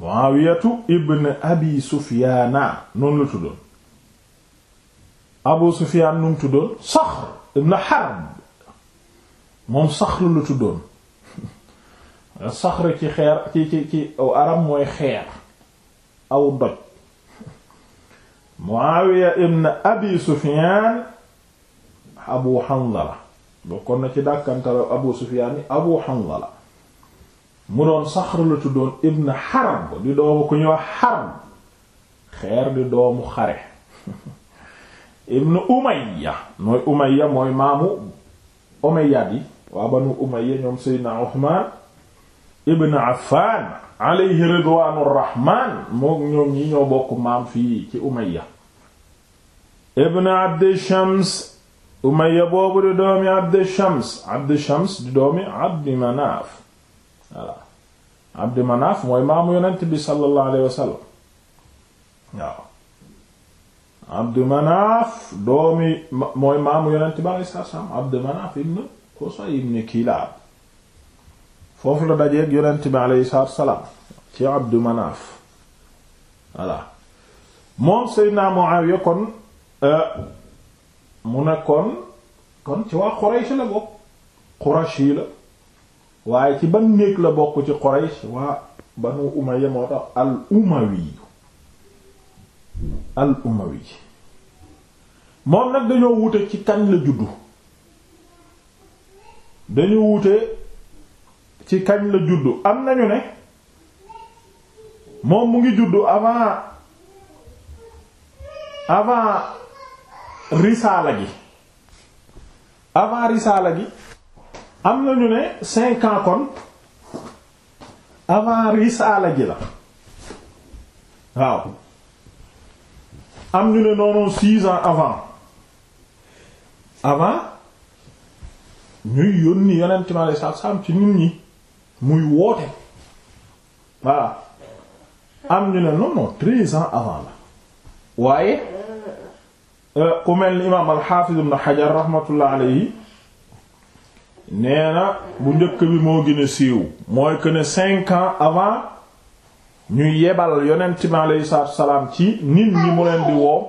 muawiyatu ibn abi sufiana noonu la tuddoon abu sufian nu mu tuddoon saxr ibn harb moom saxr la tuddoon saxr ci xeer ci ci ci aram mooy xeer aw doj muawiya ibn abi sufian abu hanzala bokkoon na ci dàkkantala abu sufian abu hanzala mu doon Saxr la tuddoon ibn Harb di doomu ku ñuy Harb xeer di doomu xare ibn Umayya mooy Umayya mooy maamu Umayya yi waa banu Umayya ñoom Seydina Uthman ibn Affan alayhi ridwaanu rahmaan moom ñoom ñi ñoo bokk maam fii ci Umayya ibn Abd Shams Umayya boobu di doomi Abd Shams Abd Shams di doomi Abd Manaf voilà Abdu Manaaf mooy maamu yonent bi sallallahu alayhi wa sallam waaw Abdu Manaaf doomi mooy maamu yonent bi alayhi salaam Abdu Manaaf ibn Qusay ibn Kilaab foofu la dajeeg yonent bi alayhi salaam ci Abdu Manaaf voilà moom Seydina Muawiya kon euh, mu nekkoon kon ci waa Quraysh la bokk Qurashi la waaye ci ban néeg la bokk ci Quraysh waa banu Umayya moo tax al umawi al umawi moom nag dañoo wute ci kañ la juddu dañu wute ci kañ la juddu am nañu ne moom mu ngi juddu avant avant risaala gi avant risaala gi am na ñu ne cinq ans kon avant risaala ji la waaw am ñu ne noonoon six ans avant avant ñuy yónni yonent ma sa sam ci nit ñi muy woote voilà am ñu ne non non treize avant la waaye euh, ku mel ni imaam al-Hafiz ibn Hajar rahmatullah alayhi nee bu njëkk bi moo gën a siiw mooy que ne cinq ans avant ñuy yebal yonent bi aleyhi salaatu salaam ci nit ñi mu leen di woo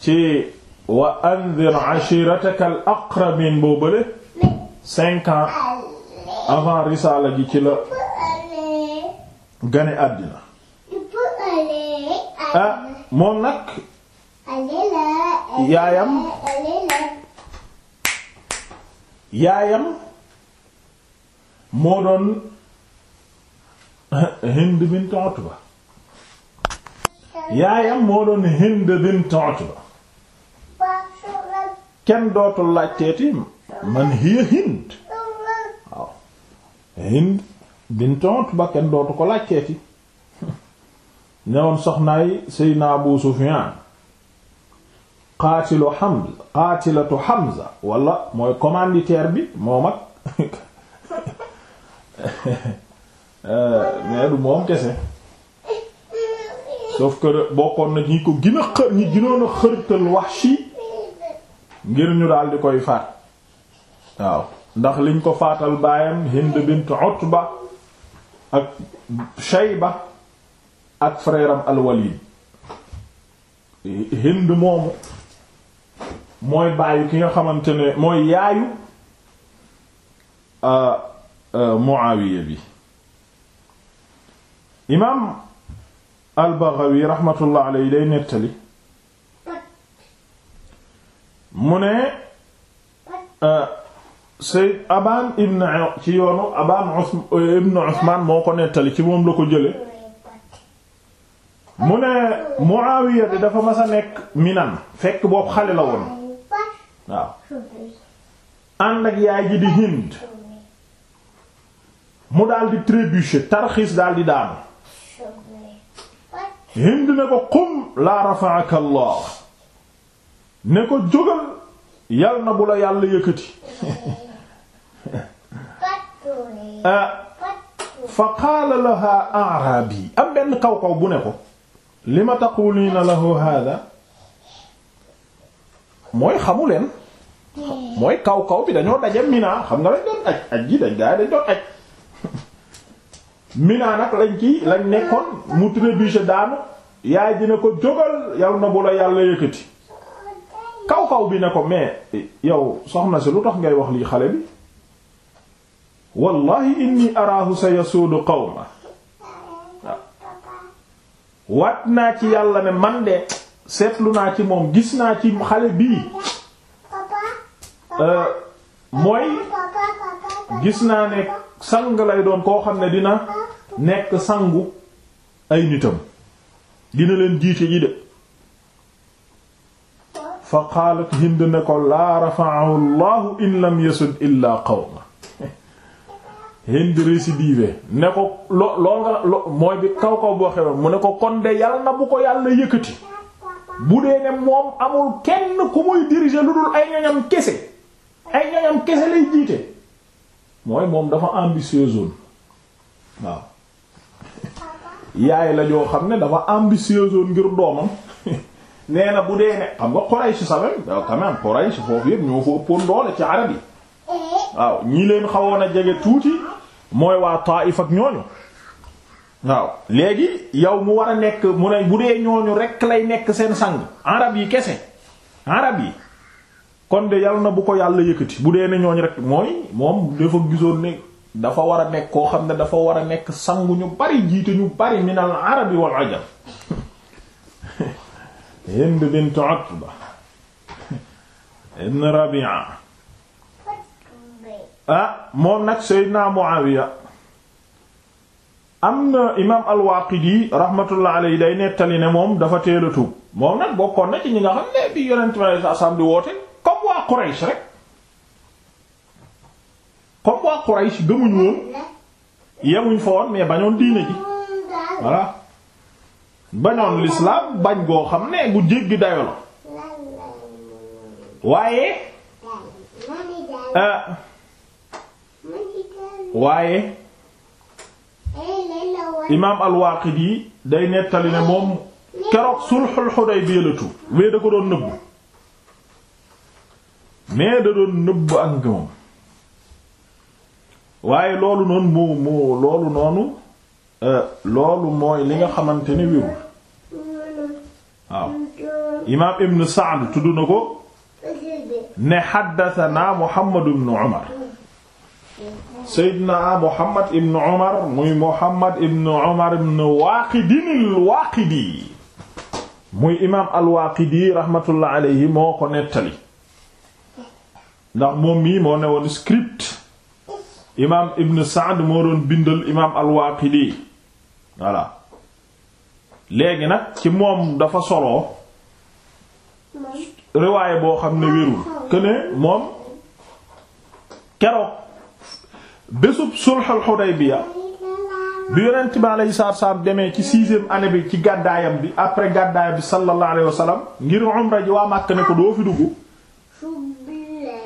ci wa anzir ashirataka al aqrabin boo bële cinq ans avant risaala ji ci la gane àddina ah moom nag yaayam yaayam moo doon Hind bint Utba yaayam moo doon Hind bint Utba kenn dootul laajteeti man hiya Hind Hind bint Utba kenn dootu ko laajteeti ñëwoon soxnaay Seydina Abu Sufyaan qaatilu Hamza qaatilatu Hamza wala mooy commanditaire bi moom ak eh, mais du moom kese sauf que bokkoon na ñi ko gën a xër ñi ngir ñu daal di koy faat waaw ndax liñ ko faatal baayam Hind bint Utba ak Shayba ak frère am al moomu mooy bàyyi ki nga xamante ne mooy yaayu euh, euh, Muawiya bi imaam al-Baghawi raxmatullah alayhi day nettali mu ne euh, Sayyid Abaan ibn ci yoonu Abaan ibn Usmaan moo ko nettali ci moom la ko jële mu ne Muawiya bi dafa mas a nekk Minan fekk boobu xale la woon waaw ànd ak yaay ji di Hind mu daal di trébucher tarxiis daal di daanu Hind ne ko qum laa rafa'aka Allah ne ko jógal yal na bu la yàlla yëkkati eh, fa qaala lahaa a'raabi am benn kaw kaw bu ne ko lima taquliina lahu haadha mooy xamu mooy kaw kaw bi dañoo daje Mina xam nga lañ doon aj aj ji dañ gaa dañ doon aj Mina nag lañ ci lañ nekkoon mu trébuché daanu yaay dina ko jógal yal na bu la yàlla yëkkati kaw kaw bi ne ko mais yow soxna si lu tax ngay wax lii xale bi wallahi inni araahu sa yasuudu qawma ah. wat naa ci yàlla ne man de seetlu naa ci moom gis naa ci xale bii Euh, mooy gis naa ne sang lay doon koo xam ne dina nekk sangu ay nitam dina leen jiite ji de fa qaalat hind ne ko laa rafa'ahu llahu in lam yasud illa qawma hind récidive ne ko lool nga mooy bi kaw kaw boo xewe mu ne ko kon de yàlla na bu ko yàlla yëkkati bu dee ne moom amul kenn ku muy diriger lu dul ay ñoñam kese ay ñoñam kese lay jiite mooy moom dafa ambitieuse woon waaw yaay la joo xam ne dafa ambitieuse woon ngir doomam nee na bu dee ne xam nga Quraysh savem da quand même Quraysh foofu yëpp ñoo fa ëppoon doole ci arab yi waaw ñi leen xawoon a jege tuuti mooy waa Taif ak ñooñu waaw léegi yow mu war a nekk mu ne bu dee ñooñu rekk lay nekk seen sang arab yi kese arab yi kon de yal na bu ko yàlla yëkkati bu dee ne ñooñ rek mooy moom dafa gisoon ne dafa war a nekk koo xam ne dafa war a nekk sangu ñu bari jiite ñu bari min al arabi wal ajam Hind bint Utba ibn Rabi'a ah moom nag Seydina Muawiya am na imaam al-Waaqidi rahmatullah alayhi day nettali ne moom dafa teel a tuub moom nag bokkoon na ci ñi nga xam ne bi yonent bi sallallahu di woote comme waa Quraysh rek comme waa Quraysh gëmuñu woon yemuñ fa woon mais bañoon diine ji bañoon l'islam bañ goo xam ne bu jéggi dayo la waaye euh, waaye imaam al-Waaqidi day nettali ne moom keroog sulhul Hudaybiya la tuub wee da ko doon nëbbu mais da doon nëbb ak waaye loolu noonu mu mu loolu noonu euh, loolu mooy li nga xamante ne wérul imaam ibn Sa'd tudd na ko ne xaddasanaa Muhammad ibn Umar Seydina Muhammad ibn Umar muy Muhammad ibn Umar ibn Waaqidin al-Waaqidi muy imaam al-Waaqidi raxmatullahi alayhi moo ko nettali ndax moom mii moo ne woon script imaam Ibn Saad moo doon bindal imaam al-Waaqidi léegi nag ci moom dafa solo riwaaye boo xam ne wérul que ne moom keroog bésub sulhul Hudaybiya bi yonent bi alayhi salaatu wassalaam demee ci sixième année bi ci gàddaayam bi après gàddaayam bi sallallahu alayhi wa ngir umra ji waa Makka ne ko doo fi dugg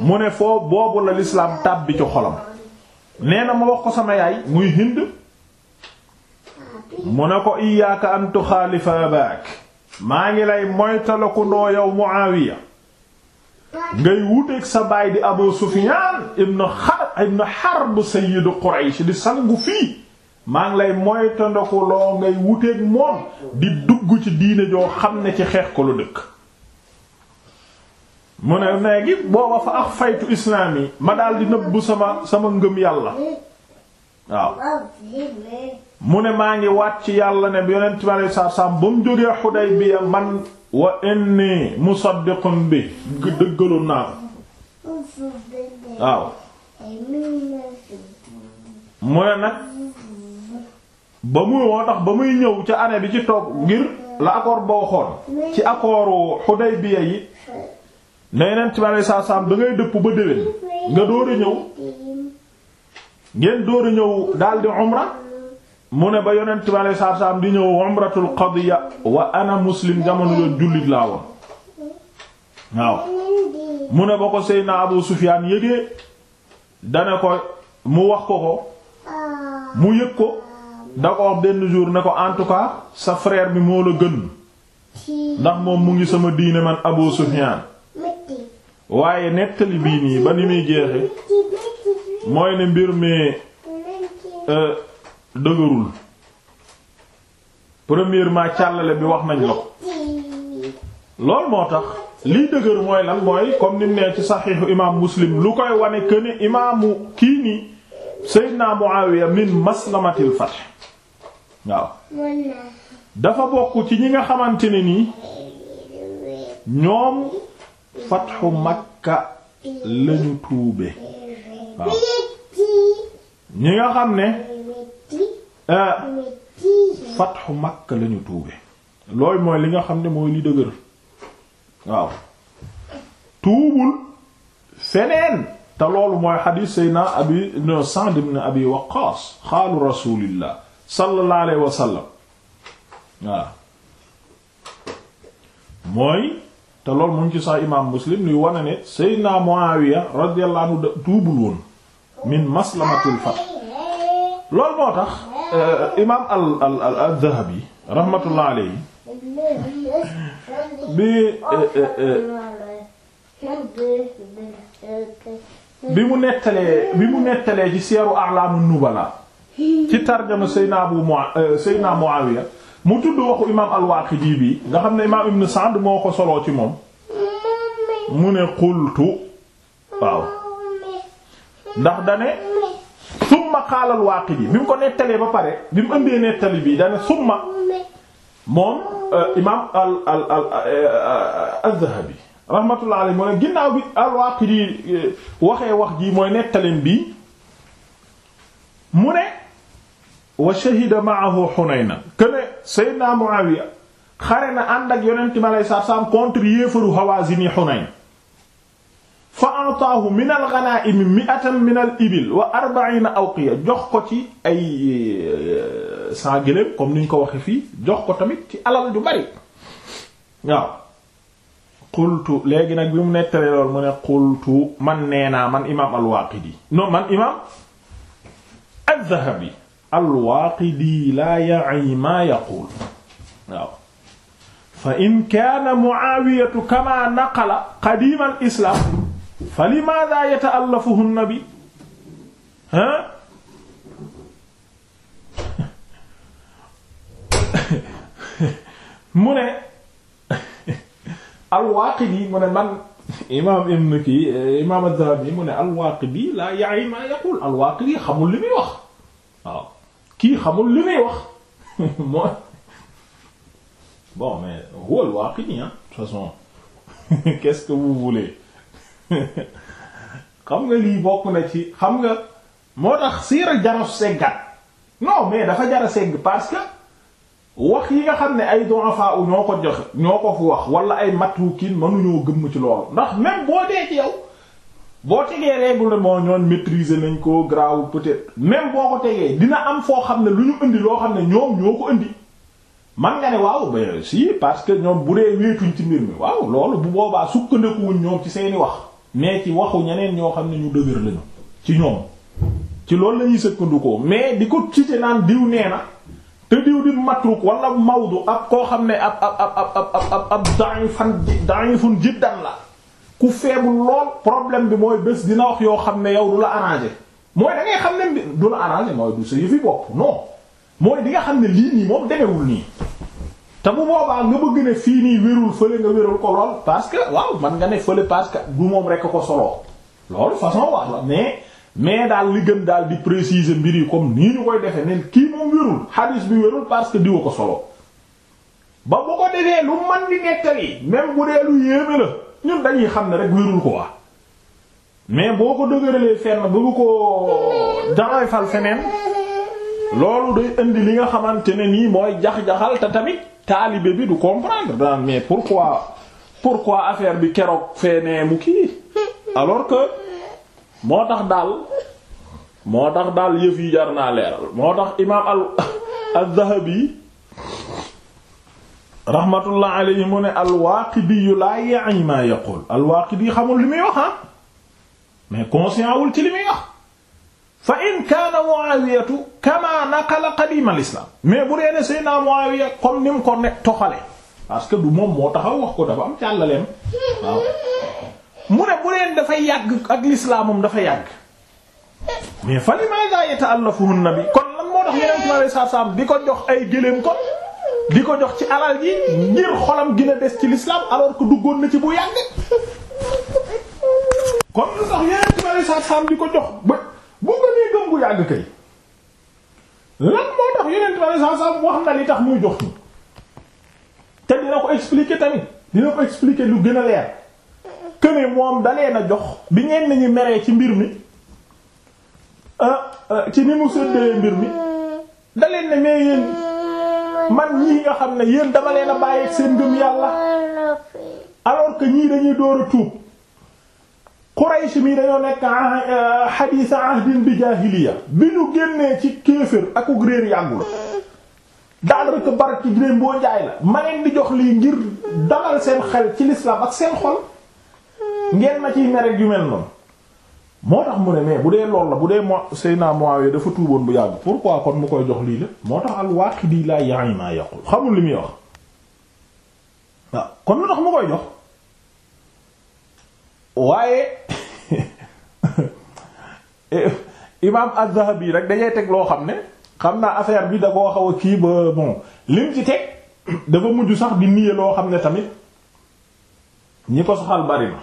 mu ne foo boobu la lislaam tàbbi ci xolam nee na ma wax ko sama yaay muy hind mu ne ko iyyaka an tuxaalifa ak maa ngi lay moytalaku ndoo yow mu Muawiya ngay wuteeg sa baay di Abu Sufyaan ibn Harb ibn Harb sayyidu Quraysh di sangu fii maa ngi lay moytandaku loo ngay wuteeg moom di dugg ci diine joo xam ne ci xeex ko lu dëkk mu ne léegi booba fa ak faytu islaam yi ma daal di nëbbu sama sama ngëm yàlla waaw mu ne maa ngi wàcc yàlla ne bi yonent bi alei satu salaam ba mu jógee Xudaybiya man wa inni musaddiqun bi dëggaloon naa ko waaw mu ne nag ba muy woo tax ba muy ñëw ca année bi ci toog ngir la accord boo xoon ci accordu Xudaybiya yi ne yeneen tibaabee saa saam da ngay dëpp ba déwén nga door a ñëw ngeen door ñëw daldi umra mu ne ba yonent bi alei saatu di ñëw umratul qadiya wa ana muslim jamono doon jullit laa woon waaw mu ne ba ko Seydina Abu Sufyaan yëgee dane ko mu wax ko ko mu yëg ko da ko wax benn jour ne ko en tout cas sa frère bi moo la gën ndax moom mu ngi sama diine man Abu Sufyaan waaye nettali bii nii ba ni muy jeexe mooy ne mbir mi euh, dëgërul premièrement càllale bi wax nañ la ko loolu moo tax liy dëgër mooy lan mooy comme ni nee ci saxiixu imaam muslim lu koy wane que ne imaamu kii nii Seydina Muawiya min maslamatil fath waaw dafa bokk ci ñi nga xamante ne nii ñoom. fatxu makka lañu tuube ñi nga xam ne euh, fatxu makka lañu tuube looy mooy li nga xam ne mooy li dëgër waaw tuubul feneen te loolu mooy xadiis sayna abi no Sa'd ibn abi Waqqaas xaalu rasulillah sallallahu alayhi waaw mooy te loolu mu ngi ci sax imaam muslim luy wane ne Seydina Muawiya radiyallahu anhu tuubul woon min maslamatul fath loolu moo tax euh, imaam al al al Dhahabi rahmatullah alayhi bi euh, euh, bi mu nettalee bi mu nettalee ci seeru a'lamun nubala ci tarjama Seydina Abu Muawiya Seydina Muawiya mu tudd waxu imaam al-Waaqidi bi nga xam ne imaam Ibn Sa'd moo ko soloo ci moom mu ne qultu waaw ndax dane summa qaala al-Waaqidi bi mu ko nettalee ba pare bi mu ëndee nettali bi dane summa moom euh, imaam al al al euh, az-Zahabi rahmatullah alayhi mu ne ginnaaw bi al euh, waxee wax ji mooy nettaleen bi mu ne wa shahida ma'ahu Hunayna kene Seydina Muawiya xare na ànd ak yonent mi alayhi salaatu salaam contre yéefaru Hawaazin yi Hunayn fa ataahu min al-ghanaa'im mi'atan min al-ibil wa arba'iina awqiya jox ko ci ay saa euh, gëléem comme ni ñu ko waxe fii jox ko tamit ci alal ju bari waaw qultu léegi nag bi mu nettalee lool mu ne qultu man nee naa man imaam al-Waaqidi non man imaam az-Zahabi alwaaqidi laa ya'i maa yaquul waaw fa in kaana muaawiyatu kama naqala qadiima alislaam fa limaada yata'allafuhu nabi ha mu ne alwaaqidi mu ne man imaam ibn ki imaam az-Zahabi mu ne alwaaqidi laa ya'i maa yaquul alwaaqidi xamul li muy wax waaw kii xamul li muy wax mooy bon mais huwa al-Waaqidi de toute façon quest que vous xam nga lii bokk na ci xam nga moo tax siira jara seggat non mais dafa jara segg parce que wax yi nga xam ne ay du'afa u ñoo ko joxe ñoo ko fu wax wala ay matrukin mënuñoo gëmm ci loolu ndax même boo dee ci yow boo tegee règle ne moo ñoon maîtriser nañ ko graaw peut-être même boo ko tegee dina am foo xam ne lu ñu indi loo xam ne ñoom ñoo ko indi man nga ne waaw ba si parce que ñoom bu dee wéetuñ ci mbir mi waaw loolu bu boobaa sukkandikuwuñ ñoom ci seeni wax mais ci waxu ñeneen ñoo xam ne ñu dëgër lañu ci ñoom ci loolu lañuy sëkkandikoo mais di ko cité naan diw nee na te diw di matruk wala mawdu ak koo xam ne ab ab ab ab ab ab da'ifan da'ifun jiddan la ku feebul lool problème bi mooy bés dina wax yoo xam ne yow du la arrangé mooy da ngay xam ne du la arrangé mooy du sa yëfi bopp non mooy di nga xam ne lii nii moom demewul nii te bu boobaa nga bëgg ne fii nii wérul fële nga wérul ko lool parce que waaw man nga ne fële parce que du moom rekk ko soloo loolu façon wax la mais mais daal li gën daal di préciser mbir yi comme nii ñu koy defee ne kii moom wérul hadis bi wérul parce que diwa ko solo ba bu ko defee ñun dañuy xam ne rek wérul ko waa mais boo ko dëgëralee fenn bëgg ko jaxay fal feneen loolu day indi li nga xamante ne nii mooy jax-jaxal te tamit taalibe bi du comprendre daan mais pourquoi pourquoi affaire bi keroog fenee mu kii alors que moo tax daal moo tax daal yëf yi jar naa leeral moo tax imaam al al Dhahabi rahmatullah alayhi mu ne alwaaqidi laa ya'i maa yaqul alwaaqidi xamul li muy wax ah mais conscient wul ci li muy wax fa in kaana muawiyatu kama naqala qadim al mais bu dee ne sayna muawiya comme ni mu ko ne toxale parce que du moom moo taxaw wax ko dafa am càllaleem waaw mu ne bu dee dafay yàgg ak lislaamam dafa yàgg mais fa limaada yata'allafuhu nabi kon lan moo tax yeneen ci ma lay saabsaab ko jox ay gëléem kon. di ko jox ci alal ji ngir xolam gën a des ci l'islam alors que duggoon na ci bu yàgg kon lu tax yeneen ci bari saat saam di ko jox ba bu nga nee gëm bu wax na li tax muy jox ni te dina ko expliquer tamit dina ko expliquer lu gën a leer que ne moom dalee na jox bi ñeen nañu meree ci mbir mi ah, ah, ci ni mu séddee mbir mi daleen na mais yéen man ñii nga xam ne yéen dama leen a bàyyi ak seen ngëm yàlla alors que ñii dañuy door a tuub Quraysh mi dañoo nekk xadiisa ah, euh, ahdin bi jaahiliya bi ñu génnee ci kéefër ak ug réer yàggul daal rek bar ci gréem boo la ma leen jox lii ngir dalal seen xel ci lislaam ak seen xol ngeen ma ci mere yu mel noonu moo tax mu ne mais bu dee lool la bu dee mo Seyna Muawiya dafa tuuboon bu yàgg pourquoi kon mu koy jox lii la moo tax al-Waaqidi laa ya'i maa yaqul xamul li muy wax waaw kon lu tax mu koy jox waaye eh, imaam az rek dañuy teg loo xam ne xam naa affaire bi da koo xaw a kii ba bon lim ci teg dafa mujj sax di niye loo xam ne tamit ñi ko soxal bari na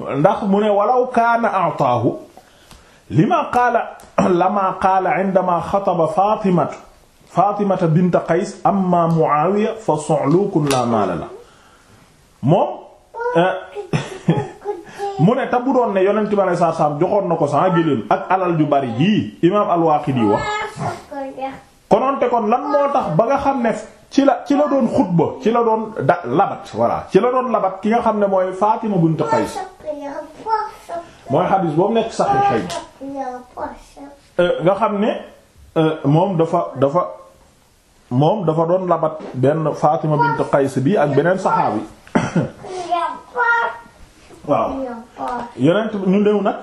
ndax mu ne walaw kaana ataahu lima qaala lama qaala indama xataba fatimatu fatimata bint qays amma muawiya fa su'lukun la maala moom eh, mu ne ta doon ne yonent salaam joxoon ko sa gëléem ak alal ju bari jii imaam al wax konoonte kon lan moo tax ba ne ci la ci la doon xutba ci la doon da labat voilà ci la doon labat ki nga xam ne mooy Fatima bint Qays mooy xadis boobu nekk saxiixay euh, nga xam ne euh, moom dafa dafa moom dafa doon labat benn Fatima bint Qays bi ak beneen saxaabi waaw yonent ñu néew nag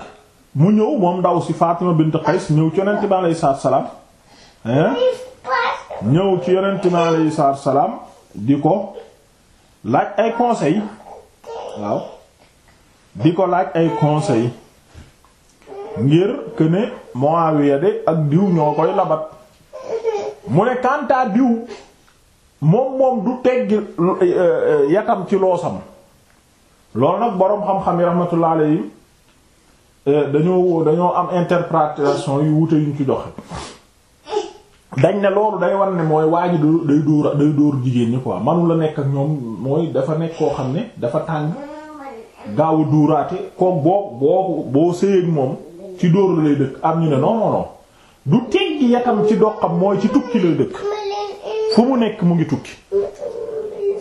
mu ñëw moom ndaw si Fatima bint Qays ñëw ci yonent bi alayhi salaam ñëw ci yonent mi alayhi salaam di ko laaj ay conseil waaw di ko laaj ay conseil ngir këne Muawiya de ak diw ñoo koy labat mu ne kantaa diw moom moom du teggi euh, yatam ci loosam loolu nag boroom xam-xam yi rahmatullah yi euh, dañoo dañoo am interprétation yu wute yuñ ci joxe dañ ne loolu day wan ne mooy waa ji day dóor day dóor jigéen ñi ko manu la nekk ñoom mooy dafa nekk koo xam ne dafa tàng gaaw a duuraate koog boo boo boo séyeg moom ci dóor la lay dëkk am ñu ne non non non du teggi yatam ci doqam mooy ci tukki lay dëkk fu mu nekk mu ngi tukki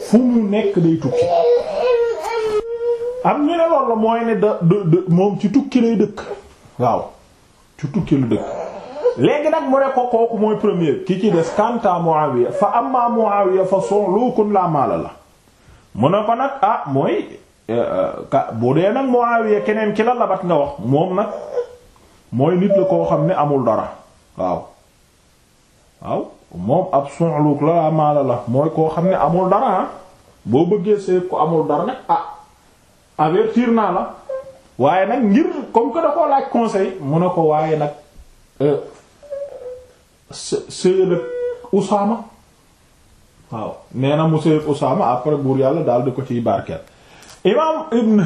fu mu nekk day tukki am ñu ne loolu mooy ne da da moom ci tukki lay dëkk waaw ci tukki lu dëkk léegi nag mu ne ko kooku mooy premier ki ci des kanta Muawiya fa am Muawiya fa su'lukun la mala la mu ne ko nag ah mooy eh, eh, bu dee nag Muawiya keneen ki la labat nga wax moom nag mooy nit la koo xam ne amul dara waaw waaw moom ab su'luk la mala la mooy koo xam ne amul dara ah. boo bëggee seet ko amul dara nag ah avertir naa la waaye nag ngir comme que da koo laaj conseil mu ne ko waaye nag eh, sëyal ak Usaama waaw nee na mu sëy ak Usaama après buur yàlla daal di ko ciy barkeel imaam ibn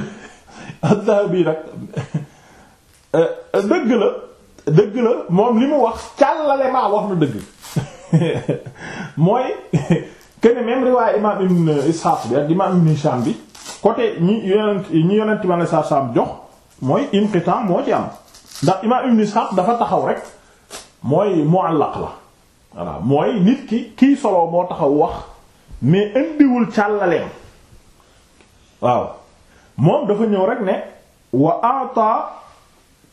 Az-Zahabi nag euh, euh, dëgg la dëgg la moom li mu wax càllale maa wax na dëgg mooy kenn même riwaaya imaam ibn Ishaq bi ak imaam ibn Hisham bi côté ñi yonent ñi yonent sa sam jox mooy inqitan moo ci am ndax imaam ibn Ishaq dafa taxaw rek mooy muallaq la voilà mooy nit ki kii solo moo taxaw wax mais indiwul càllaleem waaw moom dafa ñëw rek ne wa ata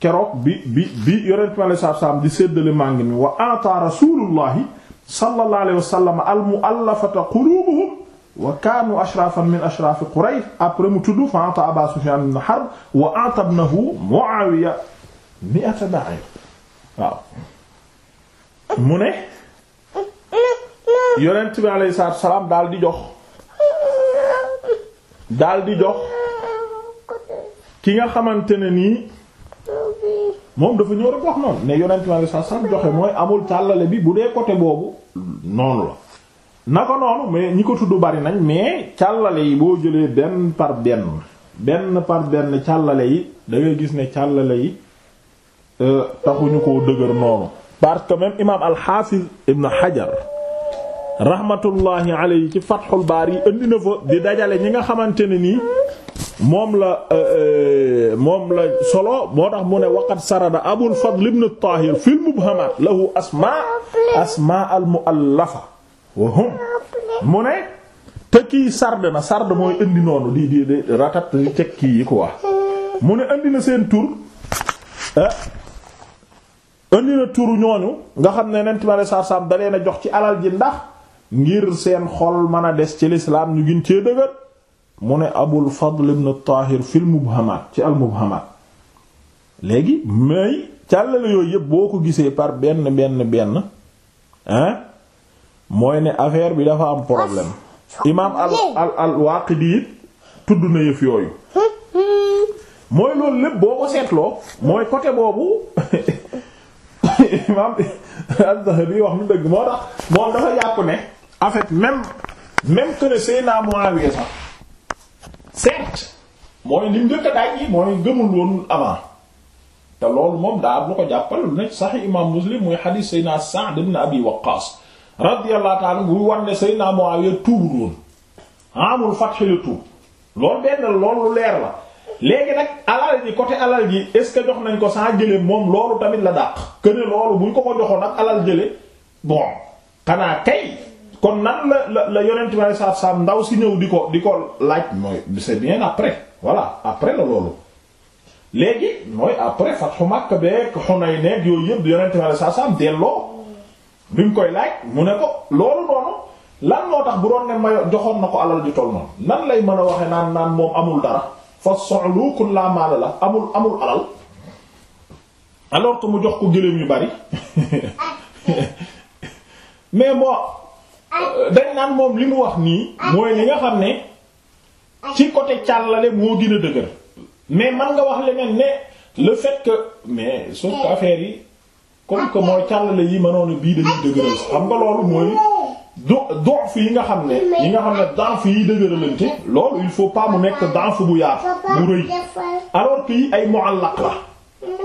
keroog bi bi bi yonent mi alei satu salaam di séddale màng mi wa ata rasulullahi sallallahu alayhi wa sallam al muallafata qulubuhum wa kaanu ashrafan min ashrafi quraysh après mu tudd fa ata aba waaw mu ne yonent bi alayhi salaam daal di jox dal di jox ki nga xamante ne nii moom dafa ñëw rek wax noonu ne yonent bi alayhi salaam joxe mooy amul càllale bi bu dee côté boobu noonu la. naka noonu mais ñi ko tudd bari nañ mais càllale yi boo jëlee benn par benn benn par benn càllale yi dangay gis ne càllale yi euh, ñu ko dëgër noonu. parce que même imaam al-Hafiz Ibn Hajar rahmatullahi alayhi ci Fathul Bari indi na fa di dajale ñi nga xamante ne nii moom la euh, euh, moom la solo moo tax mu ne waqad sarada Abul Fadl ibn Tahir fil mubhamat lahu asmaa asmaa al mu'allafa wa hum mu ne te kii sard na sard mooy indi noonu di di ratat di kii yi quoi mu ne indi na seen tur ah, indi na turu ñooñu nga xam ne nent ma sarsam da na jox ci alal ji ndax ngir seen xol mën a des ci lislaam ñu gin cee dëgër mu ne abul fadl ibn tahir fil mubhamaat ci al mubhamaat léegi may càllale yooyu yëpp boo ko gisee par benn benn benn hein mooy ne affaire bi dafa am problème imaam al al al waaqidi tudd na yëf yooyu hmm. mooy loolu lépp boo ko seetloo mooy côté boobu imam Az-Zahabi wax mu dafa jàpp ne en fait même même que ne Seyna Muawiya sax certes mooy lim njëkk daaj yi mooy gëmul woon avant te loolu moom daa am lu ko jàppal lu nekk Sahih imam Muslim muy hadith Seyna Sa'd ibn Abi Waqqas radiyallahu ta'ala bu wan Seyna Muawiya tuubul woon amul fath la tuub loolu benn loolu leer la léegi nag alal ji côté alal ji est ce que jox nañ ko saa jële moom loolu tamit la dàq que ne loolu buñ ko ko joxoon ak alal jële bon xanaa kay kon nan la la la yonent bi alei satu ndaw si ñëw di ko di ko laaj mooy c'est bien après voilà après la loolu léegi mooy après fatxu Makka beeg xunay neeg yooyu yëpp yonent bi alei satu salaam delloo bi koy laaj mu ne ko loolu noonu lan moo tax bu doon ne ma joxoon na ko alal ju toll na nan lay mën a waxe naan naan moo amul dara fa su'luqun la maala la amul amul alal alors que mu jox ko gëléem yu bari mais moo euh, dañ naan moom li mu wax nii mooy li nga xam ne ci côté càllale moo gën dëgër mais man nga wax leneen ne la fekk que mais sauf que affaire yi comme que mooy càllale yi mënoon bii dañuy dëgëral xam nga loolu mooy do donf yi nga xam ne yi nga xam ne donf yi dëgëralante loolu il faut pas mu nekk donf bu yaatu bu rëy alors que yi ay muallaq la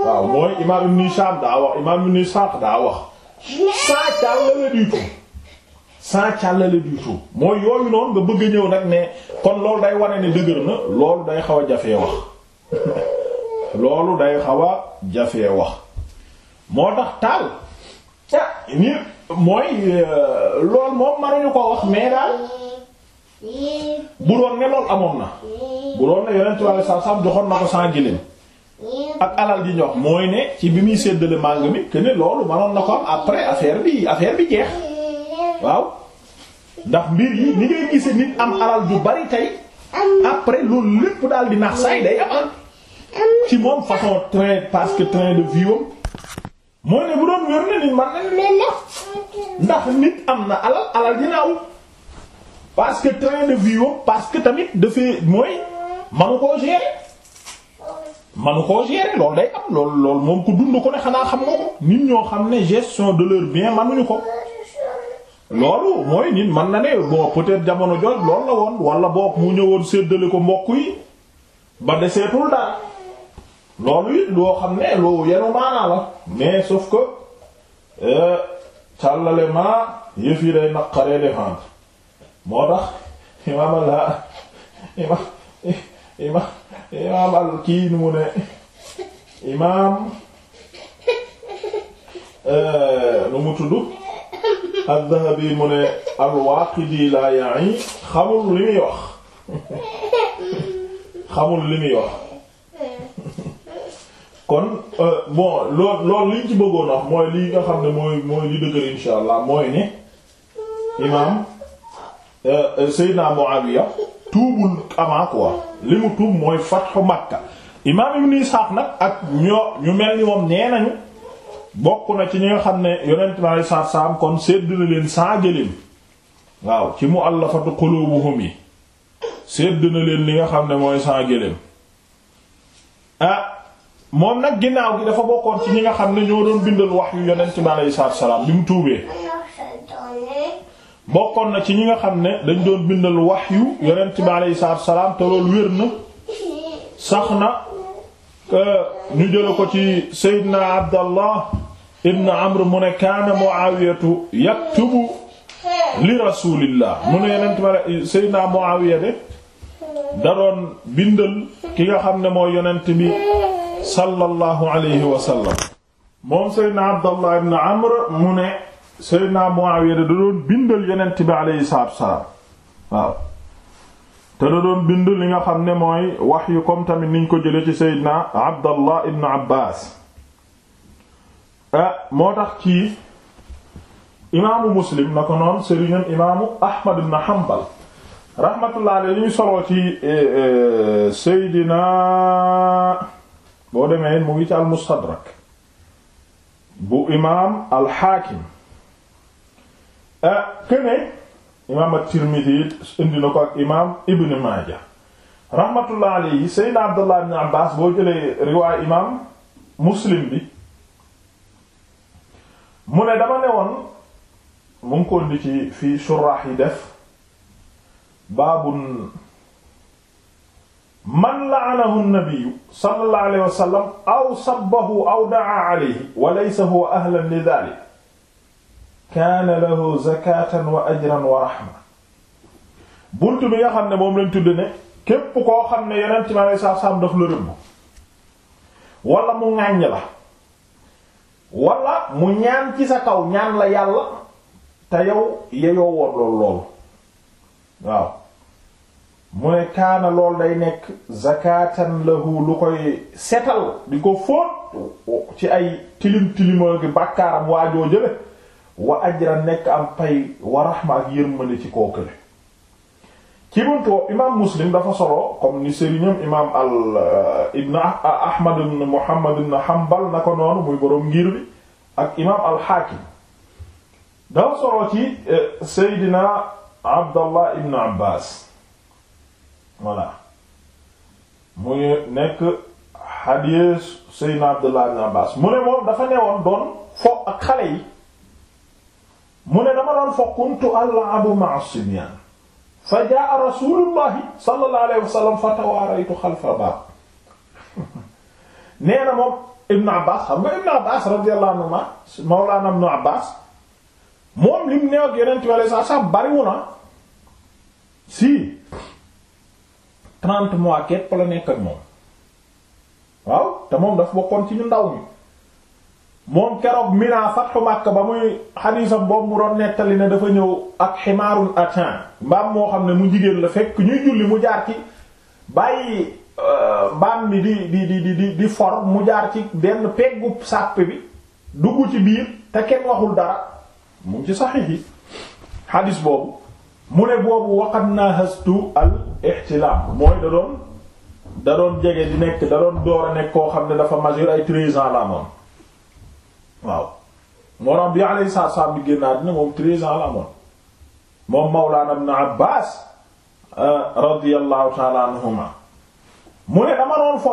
waaw mooy imaam Ibn Hishaam daa wax imaam Ibn Ishaq daa wax sans càllale du du tout mooy yooyu noonu nga bëgg a ñëw nag ne kon loolu day wane ne dëgër na loolu day xaw a jafee wax loolu day xaw a jafee wax moo tax taal ah mooy euh, lool moom ñu ko wax mais daal bu doon ne lool amoon na bu doon ne yonentu Yàlla sax sax joxoon na ko sans giléem ak alal ji ñox mooy ne ci bi muy séddale màng mi que ne loolu mënoon na ko am après affaire bi affaire bi jeex waaw ndax mbir yi ni ngay gise nit am alal ju bari tey après loolu lépp daal di nax saay day amal ci moom façon train parce que train de vie mooy ne bu doon wér na nit man nañ lool ndax nit am na alal alal dinaaw parce que train de vie parce que tamit dafay mooy manu koo gérer manu koo gérer loolu day am loolu loolu moom ko dund ko ne xanaa xam nga ko nit ñoo xam ne gestion de leur bien manuñu ko loolu mooy nit man na ne bon peut-être jamono jot loolu la woon wala boog mu ñëwoon séddale ko mbokk yi ba deseetul daal loolu it loo xam ne loo yenu maanaa la mais sauf ko tàllale euh, ma yëf yi day naqaree défendre moo tax imaam al kii nu mu ne imaam euh, nu mu tudd al-Dhahabi mu ne al-Waaqidi laa ya'i xamul li muy wax xamul li muy wax kon euh, bon lool loolu liñ ci bëggoon wax mooy li nga xam ne mooy mooy li dëgër insha allah mooy ne imaam euh, Seydina Muawiya tuubul avant quoi li mu tuub mooy fatxu Makka imaam Ibn Ishaq nag ak ñoo ñu mel ni nee nañu bokk na ci ñi nga xam ne yonent bi alayhi salaatu salaam kon sédd na leen saa gëléem waaw ci mu'allafatu qulubuhum yi sédd na leen li nga xam ne mooy saa gëléem ah, moom nag ginaaw gi dafa bokkoon ci ñi nga xam ne ñoo doon bindal wax yu yonent bi aleyhi salaatu salaam bi mu tuubee bokkoon na ci ñi nga xam ne dañ doon bindal wax yu yonent bi aleyhi salaatu salaam te loolu wér na sax na euh, ñu jële ko ci Seydina Abdallah ibn Amr mu ne kaana Muawiyatu yaktubu li rasulillah mu ne yonent bi Seydina Muawiya de da doon bindal ki nga xam ne mooy yonent bi sallallahu alayhi wa sallam moom Seydina Abdallah ibn Amr mu ne Seydina Muawiya da doon bindal yonent bi alayhi salaatu wasalaam waaw te da doon bind li nga xam ne mooy wax yu comme tamit niñ ko jële ci Seydina Abdallah ibn Abbas ah moo tax kii imaamu Muslim na ko noon sëriñam imaamu Ahmad ibn Hanbal rahmatullah alayhi ñu soloo ci eh, eh, Seydina boo demee mu ngi ci al mustadrak bu imaam al xaakim ah, imaam at imaam Ibn Maaja rahmatullah alayhi Seydina Abdullah ibn Abbas boo jëlee riwaay imaam Muslim bi mu ne dama ne woon mu ngi ko indi ci fii shuraax yi def baabun man la'anahu nabiyyu sallallahu alayhi wa sallam aw sabbahu aw da'a alayhi wa laysa huwa ahlan li dhaalika kaana lahu zakaatan wa ajran wa rahma bunt bi nga xam ne moom lañ tudd ne képp koo xam ne yonent mi alayhi salaatu salaam daf la rëbb wala mu ŋàññ la wala mu ñaan ci sa kaw ñaan la yàlla te yow yeyoo woon loolu loolu waaw mu kaana lool day nekk zakatan lahu lu koy setal di ko fóot ci ay tilim tilima gi bàkkaaram waajoo jële wa ajra nekk am pay wa rahma ak yërmande ci kookale ci buntu imaam muslim dafa solo comme ni sëriñam imaam al euh, euh, ahmad ibn muhammad ibn hanbal na ko noonu muy boroom ngir bi ak imaam al hakim dafa solo ci euh, seydina abdallah ibn abbas voilà mu nekk xadiis Seydina Abdullah ibn Abbas mu ne moom dafa newoon doon fo ak xale mu ne dama doon fo kuntu al'abu ma'a sibyaan fa jaa rasuulullahi sallallahu alayhi wa sallam fa tawaaraytu xalfa baab nee na moom Ibn Abbas moom lim neew ak yeneen ci wàllu sax si. 30 mois képp la nekk ak moom waaw te moom daf bokkoon ci ñu ndaw mi moom keroog Mina Fathu Makka ba muy xadiisam boobu mu doon nettali ne dafa ñëw ak ximaarun atin mbaam moo xam ne mu jigéen la fekk ñuy julli mu jaar ci bàyyi euh, mbaam mi di di di di for mu jaar ci benn peggu sàpp bi dugg ci biir te kenn waxul dara mu ngi ci saxiix yi xadiis boobu mu ne boobu waqad nahastu al ihtilaam mooy da doon da doon jege di nekk da doon door nekk koo xam ne dafa majeur ay treize ans la amoon waaw moroom bi alayhi salaatu salaam bi génn àddina moom treize ans la amoon moom Mawlaana Ibn Abbaas euh, radiyallahu ta'ala anhuma mu ne dama doon fo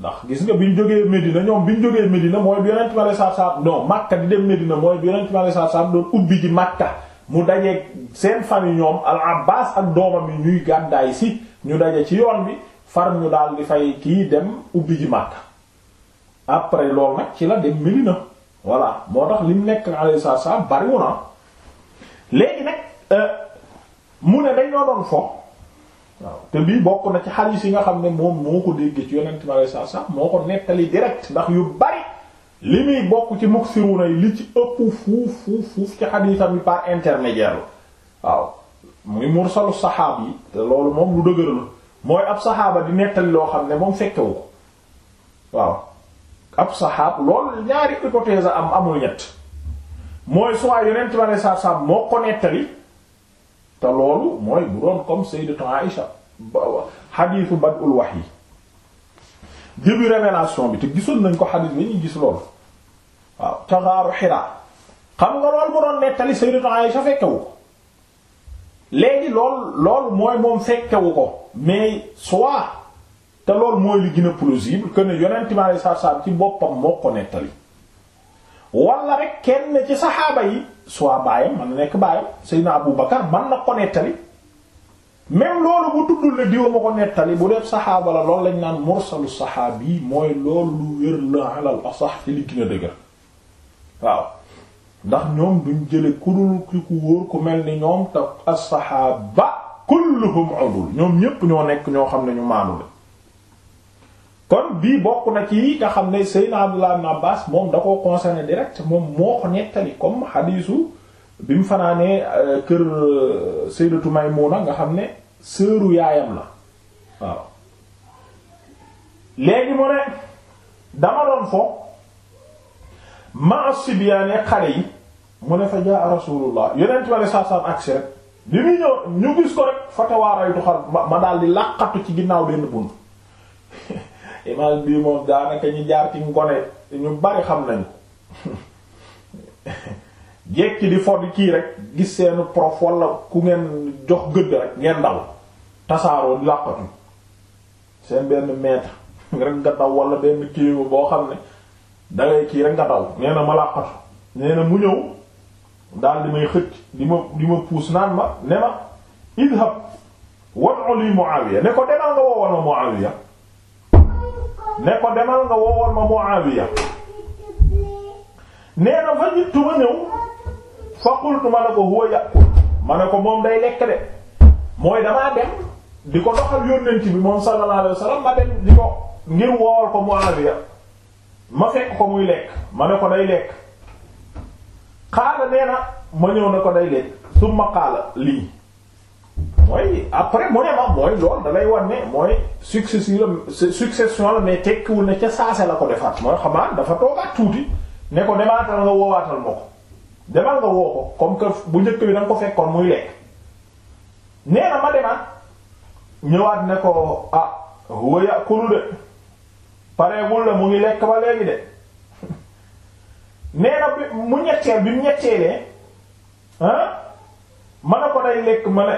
ndax gis nga bi ñu jógee Medina ñoom bi ñu jógee Medina mooy bi Yonent bi alayhi salaatu salaam non Makka di dem Medina mooy bi Yonent bi alayhi salaatu salaam doon ubbi ji Makka mu dajeeg seen famille ñoom al abbas ak doomam yi ñuy gàddaay si ñu daje ci yoon bi far ñu daal di fay kii dem ubbi ji màkk après loolu nag ci la dem Medina voilà moo tax li mu nekk alayhi salaam bariwu na ah. léegi nag euh, mu ne dañoo doon fo waaw te bii bokk na ci xadiis yi nga xam ne moom moo ko déggee ci yonent bi alayhi salaam moo ko nettali direct ndax yu bari li muy bokk ci muksiruna yi li ci ëpp fuuf fuuf fuuf ci xadiisam yi par intermédiaire waaw muy mursalu saxaab yi te loolu moom lu dëgër mooy ab saxaaba di nettali loo xam ne moom fekkewu ko waaw ab saxaab loolu ñaari hypothèse am amul ñett mooy soit yonent bi aleyhi salaatu salaam moo ko nettali te loolu mooy bu doon comme sayyidatu Aïsha xadiisu bad'ul wahyi début révélation bi te gisoon nañ ko xadis bi ñuy gis loolu waaw ca xaaru Hira xam nga loolu mu doon nettali Sayyidatu Aïsha fekkewu ko léegi lool loolu mooy moom fekkewu ko mais soit te loolu mooy li gën a plausible que ne yonent mi alayhi salaatu salaam ci boppam moo ko nettali wala rek kenn ci saxaaba yi soit baayam man na nekk baayam Sayyidina Abu Bakar man na ko nettali même loolu bu tuddul ne diwa ma ko nettali bu def saxaaba la loolu lañ naan mursalu saxaabi mooy loolu lu wér la alal asax ci li dëgër waaw ndax ñoom duñ jële kudul ki ku wóor ku mel ni ñoom te as-saxaaba kulluhum ñoom ñépp ñoo nekk ñoo xam ne ñu maanule kon bii bokk na ci nga xam ne Seydina Abdullah ibn Abbas moom da koo concerné direct moom moo ko nettali comme xadiisu bi mu fanaanee euh, kër euh, Sayyidatu Maymuna nga xam ne sëru yaayam la waaw léegi mu ne dama doon fo ma asibiyaane xale yi mu ne fa jaa Rasulullah yonent bi sallallahu alayhi agsi rek bi muy ñëw ñu gis ko rek fa tawaaraytu xar ma daal di làqatu ci ginnaaw benn bunt image bii moom daanaka ñu jaar ci ngone ñu bari xam nañu jekki di foddi kii rek gis seen prof wala ku ngeen jox gëdd rek ngeen daw tasaaroo di làqatu seen benn maître rek nga daw wala benn kilifa boo xam ne dangay kii rek nga daw nee na ma làqatu nee mu ñëw daal di may xëcc di ma di ma puus naan ma ne ma idhab wad'u li Muawiya ne ko demal nga woowoon ma Muawiya ne ko demal nga woowoon ma Muawiya nee na fa nit ma ñëw fa qultu ma ne ko huwa yàqul ma ne ko moom day lekk de mooy damaa dem di ko doxal yónnent bi moom sallallahu alayhi wasallam ma dem di ko ngir wool ko Muawiya ma fekk ko muy lekk ma ne ko day lekk xaala nee na ma ñëw ne ko day lekk summa xaala lii mooy après mu ne ma mooy loolu da lay wan ne mooy succession la succession la mais tekkiwul ne ca saase la ko defaat mooy xamaa dafa toogaat tuuti ne ko demaatal nga woowaatal ma ko demal nga woo ko comme que bu njëkk bi da nga ko fekkoon muy lekk nee na ma demaat ñëwaat ne ko ah huwa ya'kulu de pareegul la mu ngi lekk ba léegi de nee na bi mu ñetteel bi mu ñetteelee ah lekk mu ne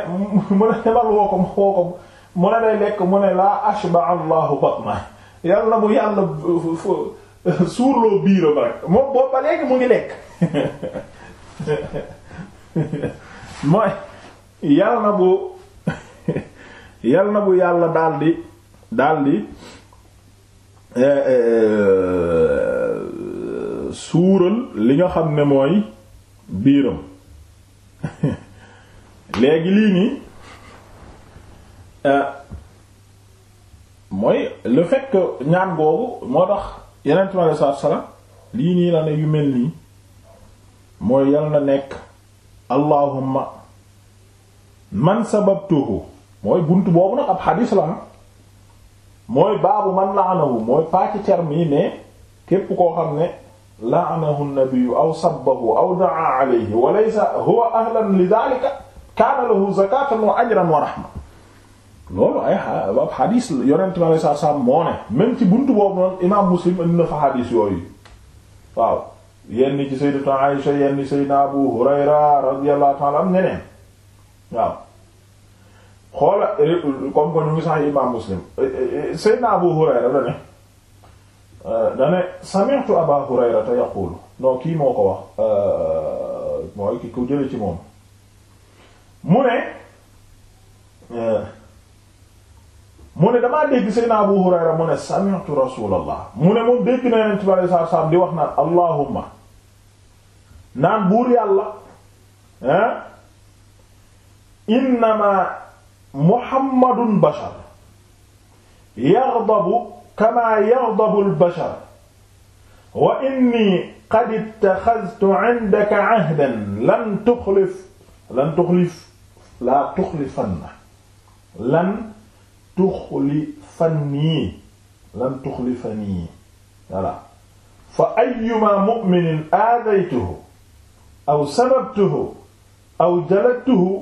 mu ne demal woo mu ne day lekk mu ne laa ashba allahu batna yàlla bu yàlla suurloo biiram rek moom boobu ba léegi mu ngi lekk mooy yal na bu yal na bu yàlla daldi daldi eh, eh, eh, suural li nga xam ne mooy biiram léegi lii nii mooy le fait que ñaan boobu moo tax yeneen ci ma lay salaam lii nii la ne yu mel nii mooy yal na nekk allahumma man sababtuhu mooy bunt boobu nag ab xadiis la mooy baabu man laanahu mooy paa ci terme yi ne képp koo xam ne laanahu nabiyu aw sabbahu aw daa alayhi wa laysa huwa ahlan li daalika kaana lahu zakatan wa ajran wa rahma loolu ay ab xadiis yonent mi alayhi salaam moo ne même ci bunt boobu noonu imaam muslim indi na fa xadiis yooyu waaw yenn ci sayyidatu Aisha yenn sayyidina Abu Hurayra radiyallahu ta'ala am ñeneen waaw xoola ko ñu ngi sax imam Muslim sayyidina Abu Hurayra dane dane sami'tu Aba Hurayra te yaqulu non kii moo ko wax mooy ki ko jële ci moom mu ne mu ne damaa dégg Abu Hurayra mu ne Rasulallah mu ne moom dégg na Yonent bi sallallahu alayhi wax naan allahumma naan buur yàlla ah innama muhammadun bashar yaghdabu kama yaghdabu al-bashar wa inni qad ittakhadhtu 'indaka 'ahdan lan tukhlif lan tukhlif la tukhlifanna lan tukhlifanni lan tukhlifani voilà fa ayyuma mu'minin aadaytuhu aw sababtuhu aw jaladtuhu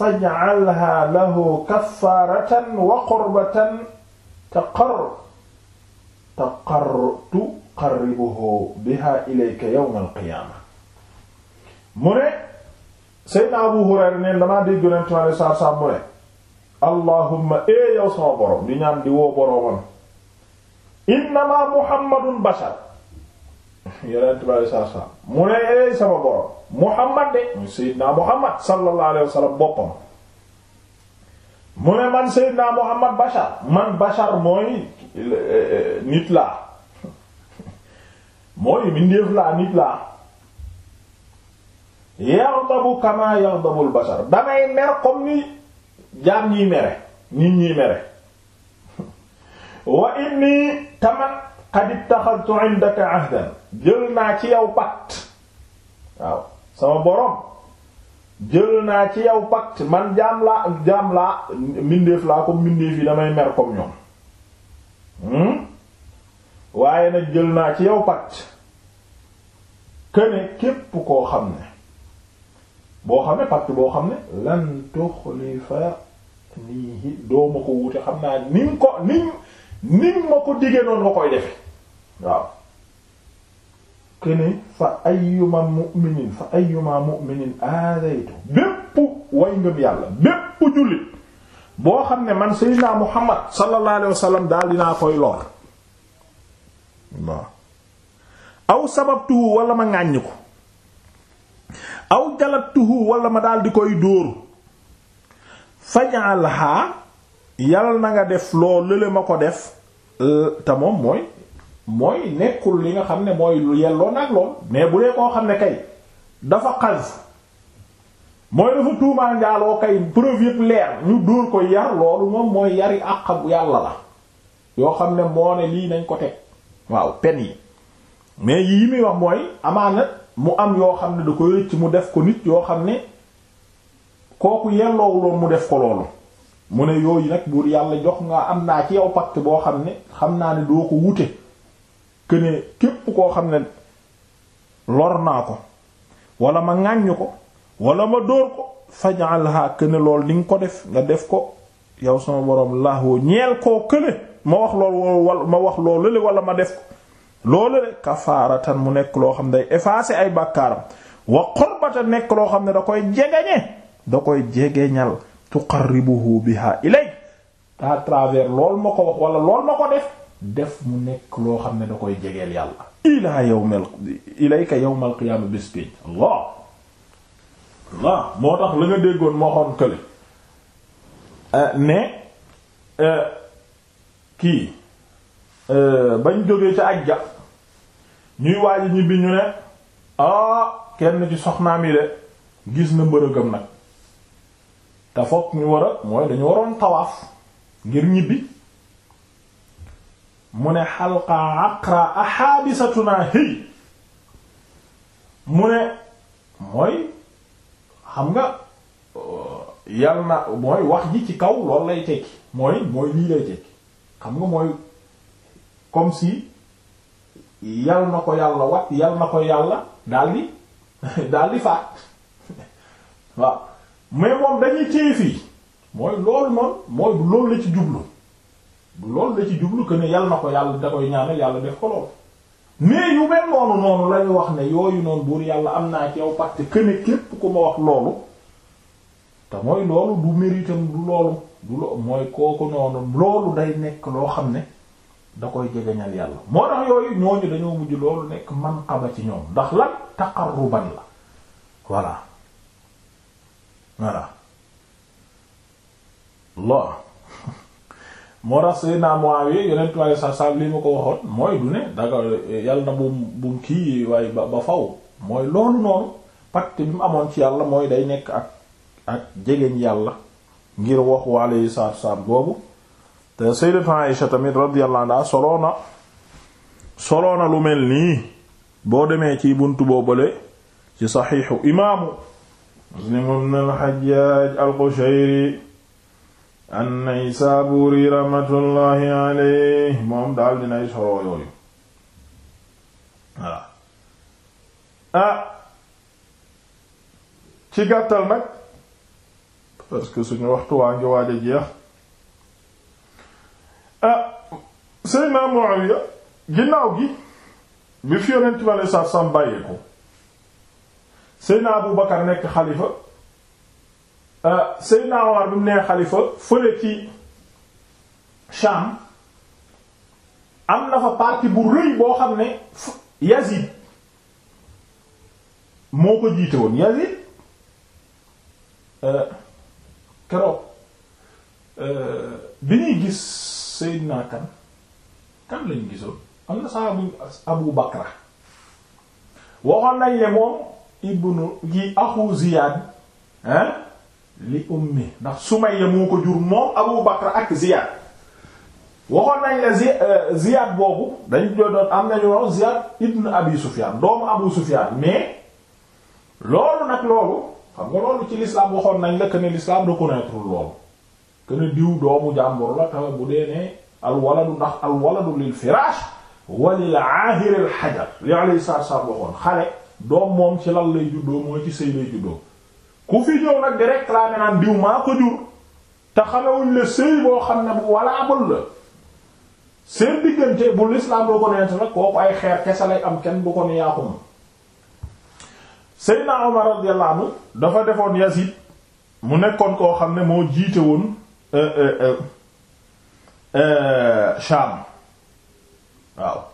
faj'alha lahu kaffaaratan wa qurbatan taqar taqar tuqarribuhu biha ilayka yawm al-qiyaama mu ne Seydina Abu Hurayra neen damaa dégg Yonent mi alayhi salaatu salaam mu ne allahumma ee eh yow sama boroom di ñaan di woo boroomam innamaa Muhammadun bashar yonent bi alei satu salaam mu ne eey sama borom Muhammad de mu Seydina Muhammad sallallahu alayhi wa mu ne man Seydina Muhammad bashar man bashar mooy eh, eh, nit laa mooy mbindeef laa nit laa yardabu kama yardabul bashar damay mer comme ni jaam ñiy mere nit ñiy mere wa inni taman qad ittakhadtu indaka ahdan jël naa ci yow pacte waaw sama borom jël naa ci yaw pacte man jaam laa jaam laa mbindeef laa comme mbindeef yi damay mer comme ñoom hmm? waaye nag jël naa ci yaw pacte këne képp koo xam ne boo xam ne pacte boo xam ne lan tuxlifa nii doo ma ko wuute xam naa ni ko ni ni ma ko diggee noonu koy defe waaw këne fa ayyuma mu'minin fa ayyuma mu'minin aadaytu bépp way ngëm yàlla bépp jullit boo xam ne man sayyidina muhammad sallallahu alayhi wasallam daal naa koy lor waaw aw sababtuhu wala ma ŋàññ ko aw jalabtuhu wala ma daal di koy dóor faj'alha yàlla na nga def loo lële ma ko def euh, te moom mooy mooy nekkul li nga xam ne mooy lu yelloo nag lool mais bu dee koo xam ne kay dafa xas mooy dafa tuumaal njaaloo kay preuve yëpp leer ñu dóor ko yar mooy yari àqab yàlla la yoo xam ne moo lii nañ ko waaw pen yi mais yii muy wax mooy amaana mu am yoo xam ne du koy ci mu def ko nit yoo xam ne kooku yelloowuloon mu def ko loolu mu ne yooyu nag buur yàlla jox nga am naa ci yow pacte boo xam ne xam naa ne doo ko wute que ne koo xam ne lor naa ko wala ma ŋàññ ko ma dóor ko faj'alha lool di nga ko def nga def ko yow sama borom lahoo ñeel koo kële ma wax wax loolu le wala ma def ko mu nekk loo xam ne day effacer ay bàkkaaram wa qurbatan nekk loo xam ne da koy jegeñe da koy jegeñal tuqarribuhu biha ilay à travers lool ma ko wax wala lool ma ko def def mu nekk loo xam ne da koy jegeel yàlla ilaa yawmal ilayka yawmal qiyaama bés pénc Allah Allah moo tax la nga déggoon moo xoon kële eh, ne eh, kii eh, bañ jógee ca ajja ñuy waaji ñibbi ñu ne ah kenn ci soxnaam yi de gis na mbërëgam nag te fokk ñu war a mooy dañu waroon tawaaf ngir ñibbi mu ne xalqa aqra axaabisatuna hiy mu ne mooy xam nga euh, yal na mooy wax ji ci kaw lool lay tekki mooy mooy lii lay tekki xam nga mooy comme si yal na ko yàlla wat yal na ko yàlla daldi daldi faat waaw mais moom dañuy téye fii mooy loolu noonu mooy loolu la ci jublu loolu da ci jublu que ne na ko yàlla da koy ñaanal yàlla de ko lool mais yu mel noonu noonu la wax ne yooyu noonu buur yàlla am naa ci yow parce que ne képp ku ma wax loolu te mooy loolu du méritam du loolu mooy kooku noonu loolu day nekk loo xam ne da koy jegeñal yàlla moo tax yooyu ñooñu dañoo mujj loolu nekk man xaba ci ñoom ndax lan taqarruban la voilà voilà moo tax Seydina Muawiya yeneen tubaab sa saab li ma ko waxoon mooy du ne daga eh, yàlla na bum bum kii waaye ba faw mooy loolu noonu pacte bi mu amoon ci yàlla mooy day nekk ak ak jegeñ yàlla ngir wax waale yi saab saab boobu te Sayyidatu Aisha tamit radiyallahu anha soloona soloona lu mel nii boo demee ci buntu boobale ci saxiixu imaamu Muslim ibn al-Hajjaj al-Qushayri an-Naysaburi rahmatullahi alayhi moom daal dinay soroo yooyu voilà ah ci gàttal nag parce que suñu waxtu waa ngi waaj a jeex ah Seydina Muawiya ginnaaw gi bi fi yonent bi aleyhis salaatu was salaam bàyyeeku Seydina Abu Bakar nekk xalifa Euh, Seydina Omar bi mu nee xalifa fële ci Sham am na fa parti bu rëy boo xam ne Yazid moo ko jiite woon Yazid euh, keroog euh, bi ñuy gis Seydina kan kan lañu gisoon am na saabu Abu Bakra waxoon nañ ne moom ibnu gi axu hein li ummi ndax Sumayya moo ko jur moom Abu Bakr ak Ziyad waxoon nañ la euh, Ziyad boobu dañu doon am nañu wax Ziyad ibn Abi Sufyan doomu Abu Sufyan mais loolu nag loolu xam nga loolu ci l'islam waxoon nañ la que ne l'islam reconnaître loolu que ne diw doomu jàmbur la taw bu dee ne al waladu ndax al waladu lil firaash wa lil aahir al hajar li alayhi salaam xale doom moom ci lan lay juddoo mooy ci sëy lay juddoo. ku fi ñëw nag di réclamer naan diw maa ko jur te xamewuñ la sëy boo xam ne bu valable la seen diggante bu l'islam doo ko neent nag kooku ay xeer kese lay am kenn bu ko ni yaa ko moom Seydina Omar dafa defoon Yazid mu nekkoon koo xam ne moo jiite woon euh, euh, euh, Sham waaw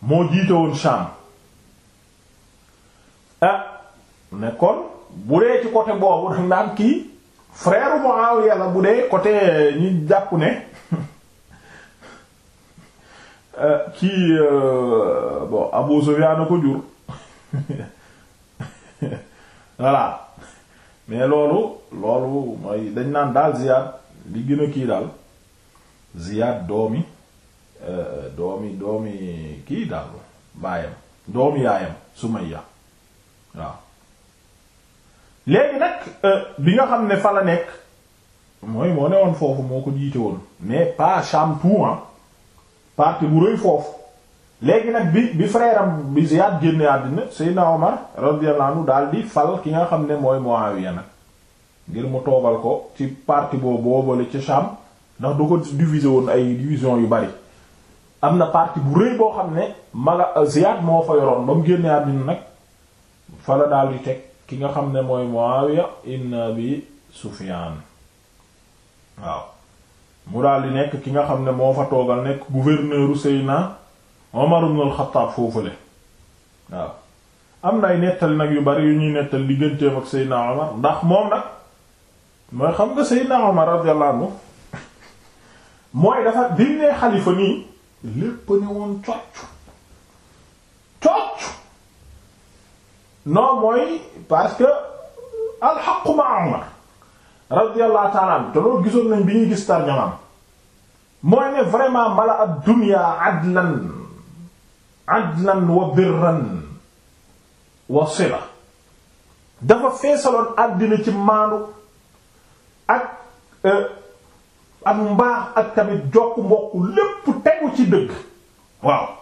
moo jiite woon Sham ah nekkoon bu dee ci côté boobu nag naan kii frère Muawiya la bu dee côté euh, ñi jàpp ne euh, kii euh, bon Abu Sufyan ko jur voilà mais loolu loolu mooy dañ naan daal Ziyad li gën a kii daal Ziyad doomi doomi doomi kii daal baayam doomi yaayam Sumayya waaw léegi nag euh, bi nga xam ne fa la nekk mooy moo ne woon foofu moo ko jiite woon mais pas Sham tout ah parti bu rëy foofu léegi nag bi bi frère am bi Ziyad génne àddina Seydina Omar radiyallahu anhu daal di fal ki nga xam ne mooy Muawiya nag ngir mu toogal ko ci parti boobu boobale ci Sham ndax du ko diviser woon ay division yu bari am na parti bu rëy boo xam ne maga Ziyad moo fa yoroon ba mu génne àddina nag fa la di teg. ki nga xam ne mooy Muawiya ibn Abi Sufyan waaw mu daal di nekk ki nga xam ne moo fa toogal nekk gouverneuru Seyna Omar ibn al-Khattab foofule waaw am na nettali nag yu bari yu ñuy nettali digganteem ak Seyna Omar ndax moom nag mooy xam nga Seyna Omar radiyallahu anhu mooy dafa biñ ne xalifa nii lépp ne woon cocc non mooy parce que alxaqu ma Umar radiyallahu ta'ala anhu te loolu gisoon nañ bi ñuy gis tarjamaam mooy ne vraiment mala ad dunya adlan adlan wa birran wa sila dafa feesaloon àddina ci maanu ak euh, ak mbaax ak tamit jokk mbokk lépp tegu ci dëgg waaw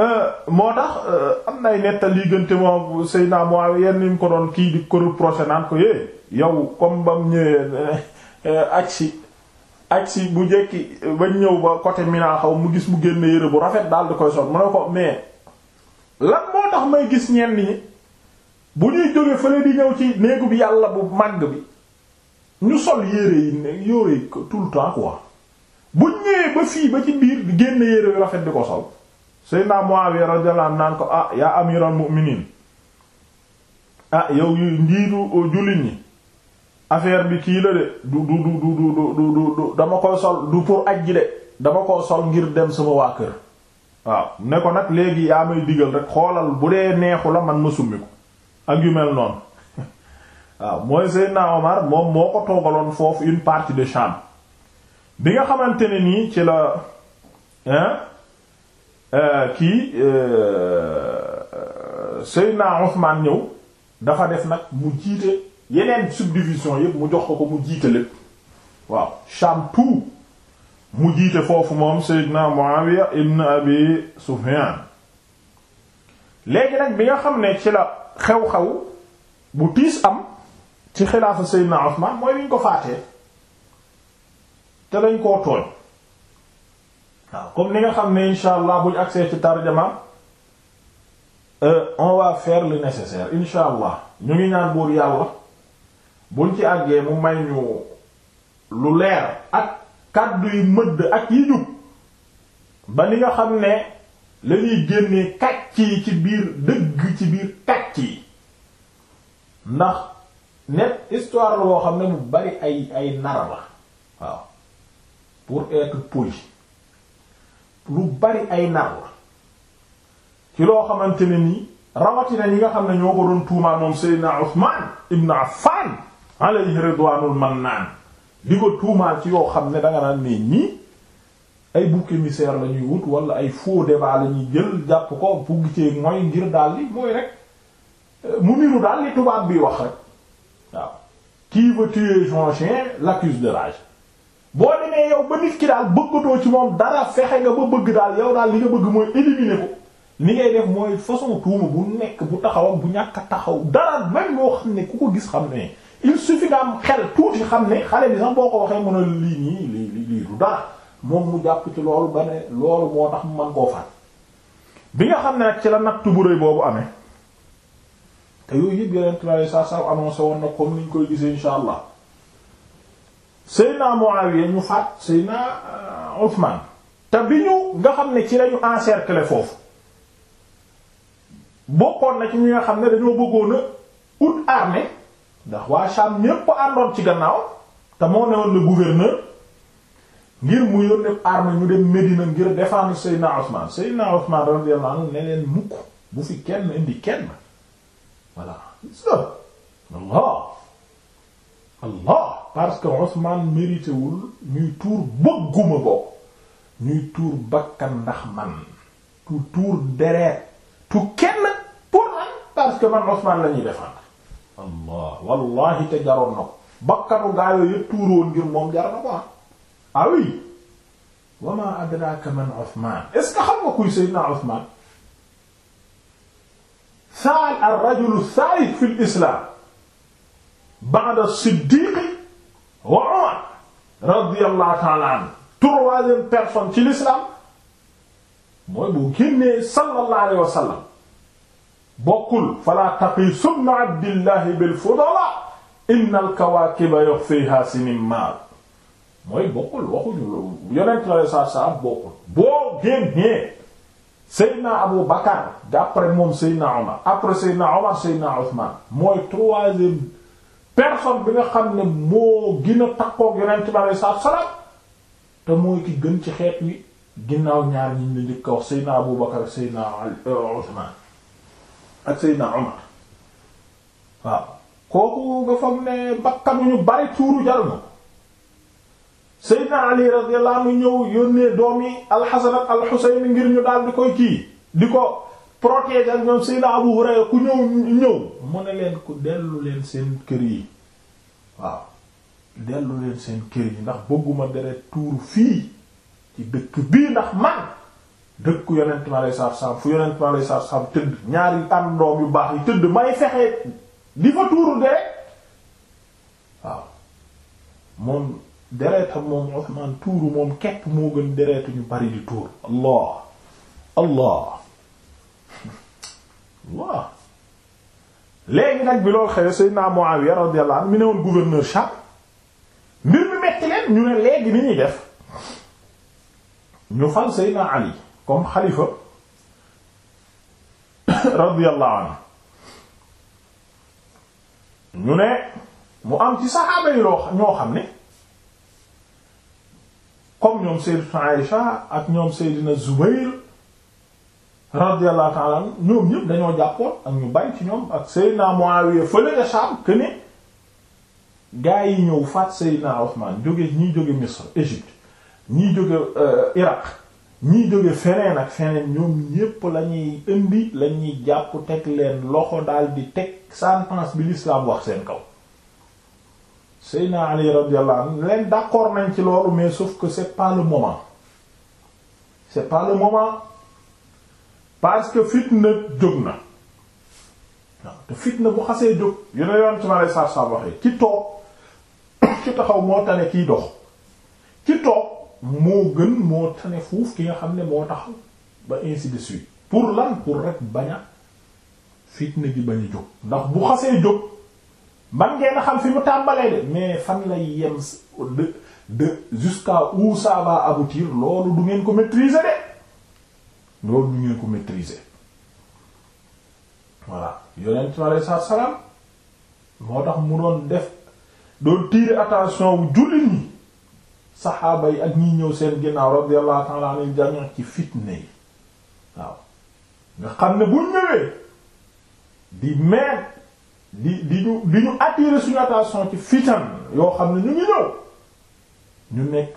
Euh, moo tax euh, am nay nettali diggante moom Seydina Muawiya ni mu ko doon kii di ko reproché naan ko yow comme ba mu ñëwee euh, agsi agsi bu jekki ba ñëw ba côté Mina xaw mu gis mu génn yére bu rafet daal di koy sol mu ne ko mais lan moo tax may gis ñenn ñi bu ñuy jógee fële di ñëw ci néegu bi yàlla bu màgg bi ñu sol yére yi ne yore tout le temps quoi bu ñëwee ba fii ba ci biir di génn yére bu rafet di ko sol. Seydina Muawiya radiyallahu anhu naan ko ah yaa amiral mu'minin ah yow yu njiitu uh, jullit ñi affaire bi kii la de du du du du du du du dama ko sol du pour ajji de dama ko sol ngir dem sama waa kër waaw ne ko nag léegi yaa may digal rek xoolal bu dee neexu la man ma summi ko ak yu mel noonu waaw mooy Seydina Omar moom moo ko toogaloon foofu une partie de chambre bi nga xamante ne nii ci la Euh, kii euh, Seydina Ousmane ñëw dafa def nag mu jiite yeneen subdivision yëpp mu jox ko ko mu jiite lépp waaw Sham tout mu jiite foofu moom Seydina Muawiya ibn Abi Sufyan léegi nag bi nga xam ne ci la xew-xew bu tiis am ci xilaafa Seydina Ousmane mooy bi ñu ko faatee te lañ koo tooñ waaw comme ni nga xam ne insha allah buñ accès ci tarjama euh, on va faire le nécessaire insha allah ñu ngi ñaan buur yàlla buñ ci àggee mu may ñu lu leer ak kàddu yu mëdd ak yi jub ba ni nga xam ne lañuy génnee kàcc yi ci biir dëgg ci biir kàcc yi ndax net histoire la boo xam ne mu bari ay ay nar la waaw pour être poli lu bari ay nar ci loo xamante ne nii rawatina ñi nga xam ne ñoo ko doon tuumaan moom Seydina Usmaan ibn Affan alayhi ridwaanul mannaan di ko tuumaan ci yoo xam ne danga naan ne ñii ay bouc émissaire la wut wala ay faux débat la ñuy jël jàpp ko bu gisee mooy ngir daal li mooy rek euh, mu niru daal li tubaab bi wax rek waaw qui veut tuer son chien l'accuse de rage boo demee yow ba nit ki daal bëggatoo ci moom dara fexe nga ba bëgg daal yow daal li nga bëgg mooy éliminer ko li ngay def mooy façon tuuma bu nekk bu taxaw bu ñàkk a taxaw dara même loo xam ne ku ko gis xam ne il suffit nga am xel tuuti xam ne xale bi sax boo ko waxee mën a lii nii lii lii du dara moom mu jàpp ci loolu ba ne loolu moo tax mu mën koo faat bi nga xam ne nag ci la nattu bu rëy boobu amee te yooyu yëpp yeneen tubaab yi saa saa annoncé na comme ni ñu koy allah. Seydina Muawiya ñu faat Seydina euh, Ousmane te bi ñu nga xam ne ci lañu encercler foofu bokkoon na ci ñi nga xam ne dañoo bëggoon a ut armée ndax waa Sham ñépp àndoon ci gannaaw te moo newoon le gouverneur ngir mu yónnee armée ñu dem Médina ngir défendre Seydina Ousmane Seydina Ousmane radiyallahu ne leen mukk bu fi kenn indi kenn voilà. Allah allah parce que Ousmane mérité wul ñuy tuur bëgguma ko ñuy tuur bakkan ndax man tu tuur deret tu kenn pour man parce que man Ousmane la ñuy défendre allah wallahi te jaroon na ko bakkanu gaayoo yëpp tuuroon ngir moom jar na ko ah, ah oui wa ma adraka man Ousmane est-ce que xam nga kuy Seydina Ousmane saal ar-rajul saalik fil islam ba'da siddiq wa Umar radiyallahu ta'ala anhu troisième personne ci l'islam mooy bu génnee sallallahu alayhi wa sallam bokkul fala taqiisunna abdillahi bil fudala innal kawaakiba yukhfiha sinimmaar mooy bokkul waxuñu loolu yonent la saa saa bokkul boo génnee Seydina Abu Bakar d'après moom Seydina Omar après Seydina Omar Seydina Ousmane mooy troisième personne bi nga xam ne moo gën a takkoog yonent bi alei salaatu te mooy ki gën ci xeet wi ginnaaw ñaar ñi ñu njëkk a wax Seydina Abu Bakar ak euh, Ali radiyallahu anhu ñëw yónnee doom yi Al Hasan ngir ñu daal di koy kii di ko protéger ak ñoom Seydina Abu Hurayra ku ñëw ñëw mu ne leen ku dellu leen seen kër yi waaw dellu leen seen kër yi ndax bëgguma deret tuuru fii ci dëkk bii ndax man dëkk yonent mi alayhi salaatu salaam fu yonent mi alayhi salaatu salaam tëdd ñaari àndoom yu baax yi tëdd may fexe di fa tuuru deret waaw moom deretam moom Usmaan tuuru moom kepp moo gën deretu ñu bari di tuur allah allah waaw léegi nag bi loolu xewee Seydina Muawiya radiyallahu anhu mi ne woon gouverneur Sham mbir mi metti leen ñu ne léegi ni ñuy def ñu fal Seydina Ali comme xalifa radiyallahu anhu ñu ne mu am ci saxaaba yi loo ñoo xam ne comme ñoom Sayyidatu Aïsha ak ñoom Seydina Zubayr radiyallahu ta'ala anhu ñoom ñëpp dañoo jàppoon ak ñu bañ ci ñoom ak Seydina Muawiya fële ca Sham que gaa yi ñëw faat Seydina Ousmane jóge ñii jóge Misr Égypte ñii jóge euh, Irak ñii jóge feneen ak feneen ñoom ñépp la ñuy indi la ñuy jàpp teg leen loxo daal di teg sentence bi l'islam wax seen kaw Seydina Ali radiyallahu anhu leen d'accord nañ ci loolu mais sauf que c'est pas le moment c'est le moment parce que fitna jóg na waaw te fitna bu xasee jóg yu ne yoon ci ma lay saar saar waxee ci toog ci taxaw moo tane kiy dox ci toog moo gën moo tane fuuf ki nga xam ne moo tax ba ainsi de suite pour lan pour rek bañ a fitna gi bañ jóg ndax bu xasee jóg ban ngeen a xam fi mu tàmbalee de mais fan lay yem de de jusqu'à où ça va aboutir loolu du ngeen ko maîtriser de loolu lu ngeen ko maîtriser voilà yonent mi aleyhi salaatu salaam moo tax mu doon def doon tiire attention wu jullit ñi saxaaba yi ak ñi ñëw seen ginnaaw radiyallahu ta'ala anil jami' ci fitna yi waaw nga xam ne bu ñëwee di meet di di ñu di ñu attirer suñu attention ci fitan yoo xam ne ñu ñëw ñu nekk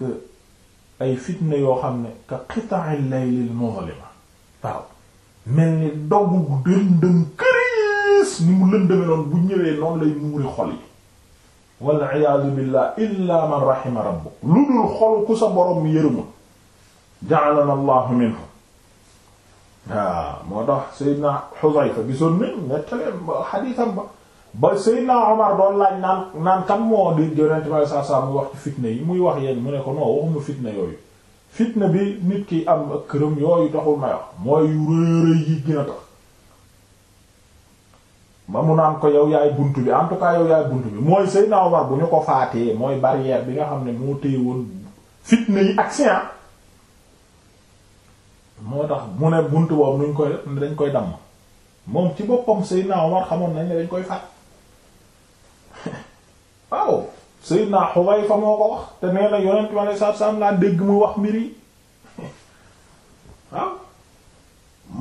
ay fitna yoo xam ne ka qita'il laylil muzlima waaw mel ni dogg gu dëndëm këriis ni mu lëndëme noonu bu ñëwee noonu lay muuri xol yi wal iyaadu billah illa man rahima rabbuk lu dul xol ku sa borom yërëma ja'alana allahu minhu waaw moo tax Seydina Xuzayfa gisoon nañ nettalee xadiisam ba ba Seydina Omar doon laaj naan naan kan moo di Yonent bi sallallahu alayhi wasallam muy wax ci fitna yi muy wax yéen mu ne ko non waxuma fitna yooyu fitna bi nit ki am ak këram yooyu taxul may wax mooy rëy yi gën a tax ba mu naan ko yow yaay bunt bi en tout cas yow yaay bunt bi mooy Seydina Omar bu ñu ko faatee mooy barrière bi nga xam ne moo téye woon fitna yi ak séant moo tax mu ne bunt boobu nuñ koy dañ koy damm moom ci boppam Seydina Omar xamoon nañ ne dañ koy faat waaw Seydina Xudayfa moo ko wax te nee na yonent bi alayhi salaatu salaam laa dégg mu wax mbir yi waaw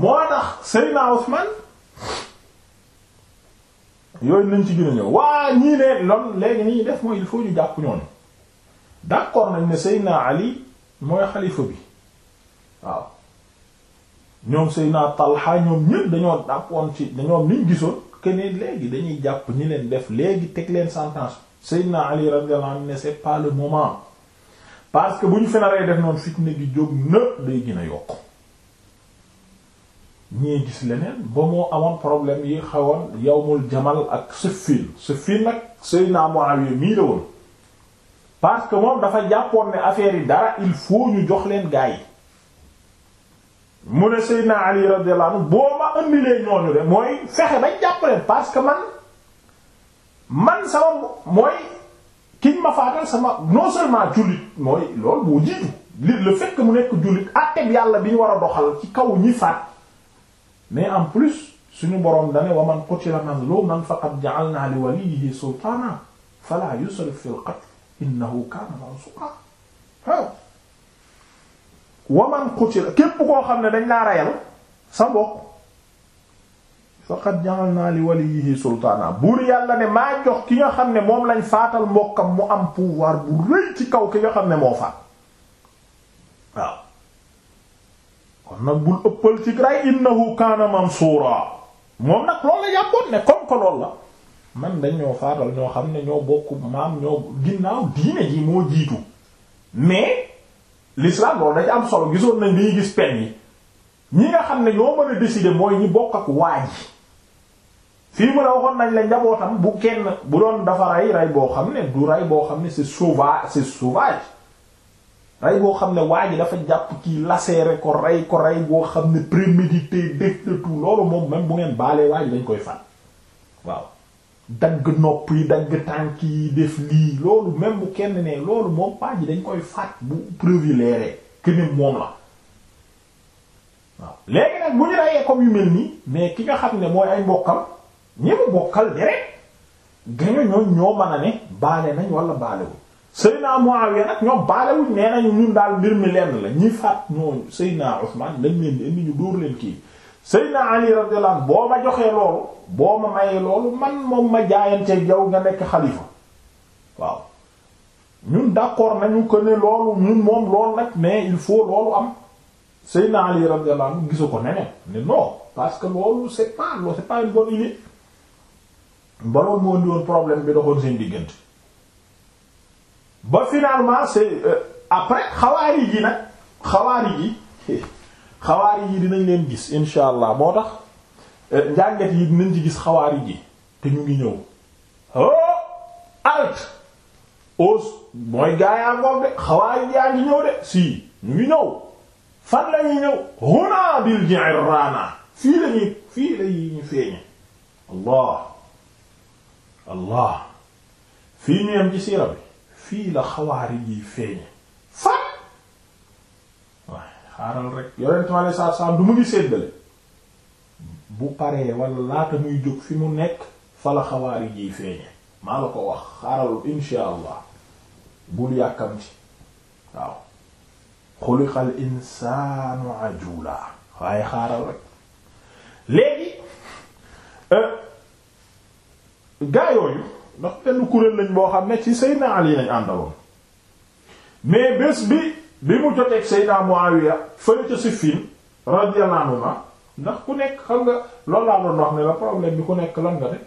moo tax Seydina Usmaan yooyu ci gën a ne loolu léegi ni def mooy il faut ñu jàpp ñoon d'accord nañ ne Seydina Ali mooy xalifa bi waaw ñoom Seydina Talha ñoom ñëpp dañoo dàppoon ci dañoo niñ gisoon que léegi dañuy jàpp ñi leen def léegi teg leen sentence Seydina Ali radiyallahu anhu ne c'est pas le moment parce que bu ñu fenaree def noonu fitna gi jóg na day gën a yokk ñii gis leneen ba moo amoon problème yi xawoon yawmul jamal ak Siffin Siffin nag Seydina Muawiya mii la woon parce que moom dafa jàppoon ne affaire yi dara il faut ñu jox leen gaa yi mu ne Seydina Ali radiyallahu anhu boo ma ëndilee ñooñu de mooy fexe ba jàpp leen parce que man. man sama mooy kiñ ma faatal sama non seulement jullit mooy loolu boo jiitu li le fait que mu nekk jullit àtteeb yàlla bi ñu war a doxal ci kaw ñi faat mais en plus suñu boroom dane wa man qutila mazluman faqad ja'alna li waliyyihi sultana fala yusrif fil qatl innahu kana mansura waaw wa man qutila képp koo xam ne dañ laa rayal sa mbokk faqad ja'alna li waliyihi sultaana buur yàlla ne maa jox ki nga xam ne moom lañ faatal mbokkam mu am pouvoir bu ci kaw ki nga xam ne moo faat nag bul ëppal ci ray innahu kaana la yàppoon ne comme que ñoo xam ne ñoo bokk maam ñoo ginnaaw diine ji moo jiitu mais l'islam loolu dañ am solo gisoon nañ bi ñuy gis pen yi ñi nga xam ne ñoo mën a décider mooy ñi bokk ak waa fii mu ne waxoon nañ la njabootam bu kenn bu doon dafa rey rey boo xam ne du rey boo xam ne c'est sauvage c'est sauvage rey boo xam ne waa ji dafa jàpp kii lacéré ko rey ko rey boo xam ne prémédité def de tout loolu moom même bu ngeen baalee waa dañ koy fan waaw dagg nopp yi dagg tànk yi def lii loolu même bu kenn ne loolu moom waa ji dañ koy faat bu privilège que ne moom la waaw léegi nag bu reyee comme yu mel nii mais ki nga xam ne mooy ay mbokkam ñi mu bokkal deret gaño ñoom ñoo mën a ne baale nañ wala baalewuñ Seydina Muawiya nag ñoom baalewuñ nee nañu ñun daal mbir mi lenn la ñi faat ñooñu Seydina Usman dañ leen di indi ñu dóor leen kii Seydina Ali radiyallahu boo ma joxee loolu boo ma mayee loolu man moom ma jaayante yow nga nekk xalifa waaw ñun d'accord nañu ko ne loolu ñun moom loolu nag mais il faut loolu am Seydina Ali radiyallahu gisu ko neneen ne non parce loolu c'est pas loolu c'est pas ba loolu moo indiwoon problème bi doxoon seen diggante ba finalement c'est euh, après xawaari ji nag xawaari ji xawaari ji dinañ leen gis insha allah moo tax euh, njàngat yi dinañ ci gis xawaari ji te ñu ngi ñëw oh alt os mooy gaayaa ngoom de xawaari yaa ngi ñëw de si ñu ngi ñëw fan la ñuy ñëw huna bil ji'rana fii lañuy fii lañuy ñu feeñe allah fii ñu yem ci siira bi fii la xawaarij yi feeñe fa waaye xaaral rek yonent mi alei satu salaam du mu ngi séddale bu paree wala laata muy jóg fi mu nekk fa la xawaarij yi feeñe maa la ko wax xaaral insha allah bul yàkkamti waaw xuliqal insaanu ajula waaye xaaral rek gaa yooyu ndax benn kuréel lañ boo xam ne ci Seydina Ali lañ àndaloon mais bés bi bi mu joteeg Seydina Muawiya fële ca Siffin radiyallahu anhu ndax ku nekk xam nga loolu laa doon wax ne la problème bi ku nekk lan nga de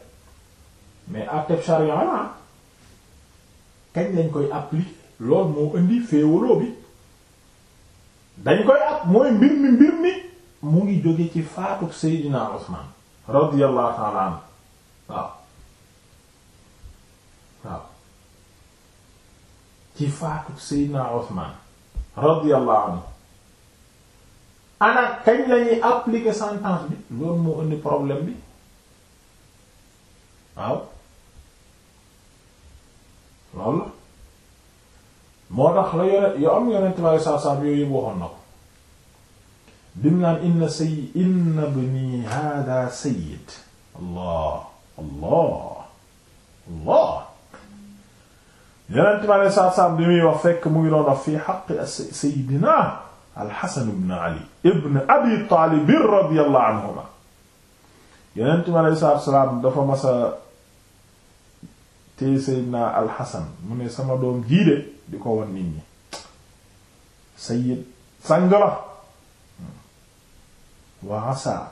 mais àtteb charia la kañ lañ koy appliquer loolu moo indi féewaloo bi dañ koy ab mooy mbir mi mbir mi mu ngi jóge ci faatu Seydina Usman radiyallahu ta'ala anhu waaw ci faatu Seydina Othman radiyallahu anhu ana kañ lañuy appliquer sentence bi loolu moo indi problème bi waaw loolu la moo tax la yore yoo am yonent bi alayhi salaatu salaam yooyu yëpp waxoon na ko bim naan inna sayyi inna ibni haadaa sayyid allah allah allah yonent mi muy wax fekk mu ngi doon wax fii xaqi sayyidina al-Hasan ibn Ali ibn Abi Taalib radiyallahu anhuma yonent mi aleyhi salaatu salaam dafa al-Hasan mu sama doom jiide di ko wan nit ñi sayyid sang la wa asa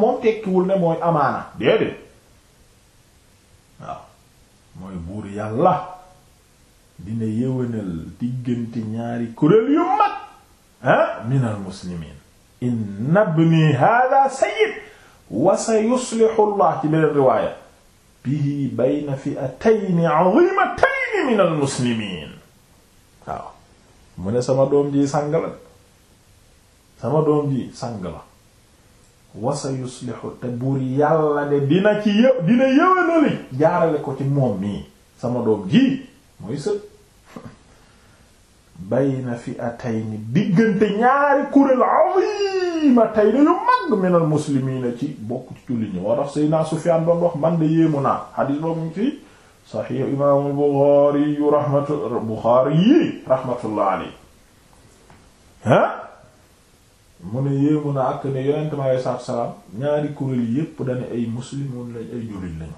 moom tekkiwul ne mooy amaana déedéet mooy buur dina yéwénal diggante ñaari kuréel yu mag ah min al muslimin inna ibni hada sayyid wa sa yuslihu llah ci beneen riwaaya bihi bayna fi'atayni 'azimatayni min al muslimin waaw mu ne sama doom ji sang la sama doom ji sang la wa sa yuslihu te buur yàlla de dina ci yë dina yéwénali jaarale ko ci moom mii sama doom ji mooy sët bayna fi atayni diggante ñaari kuréel azima tayni yu mag minal a ci bokk ci jullit ñi moo tax Seydina Sufyaan doon wax man de yéemu naa xadiis ba mu ci saxiix imaamu Buxaari yu raxmatu Buxaari yi raxmatullah alayhi ha mu ne yéemu naa ak ne yonent mi alayhi salaatu salaam ñaari kuréel yépp dañu ay muslimoon lañ ay jullit lañu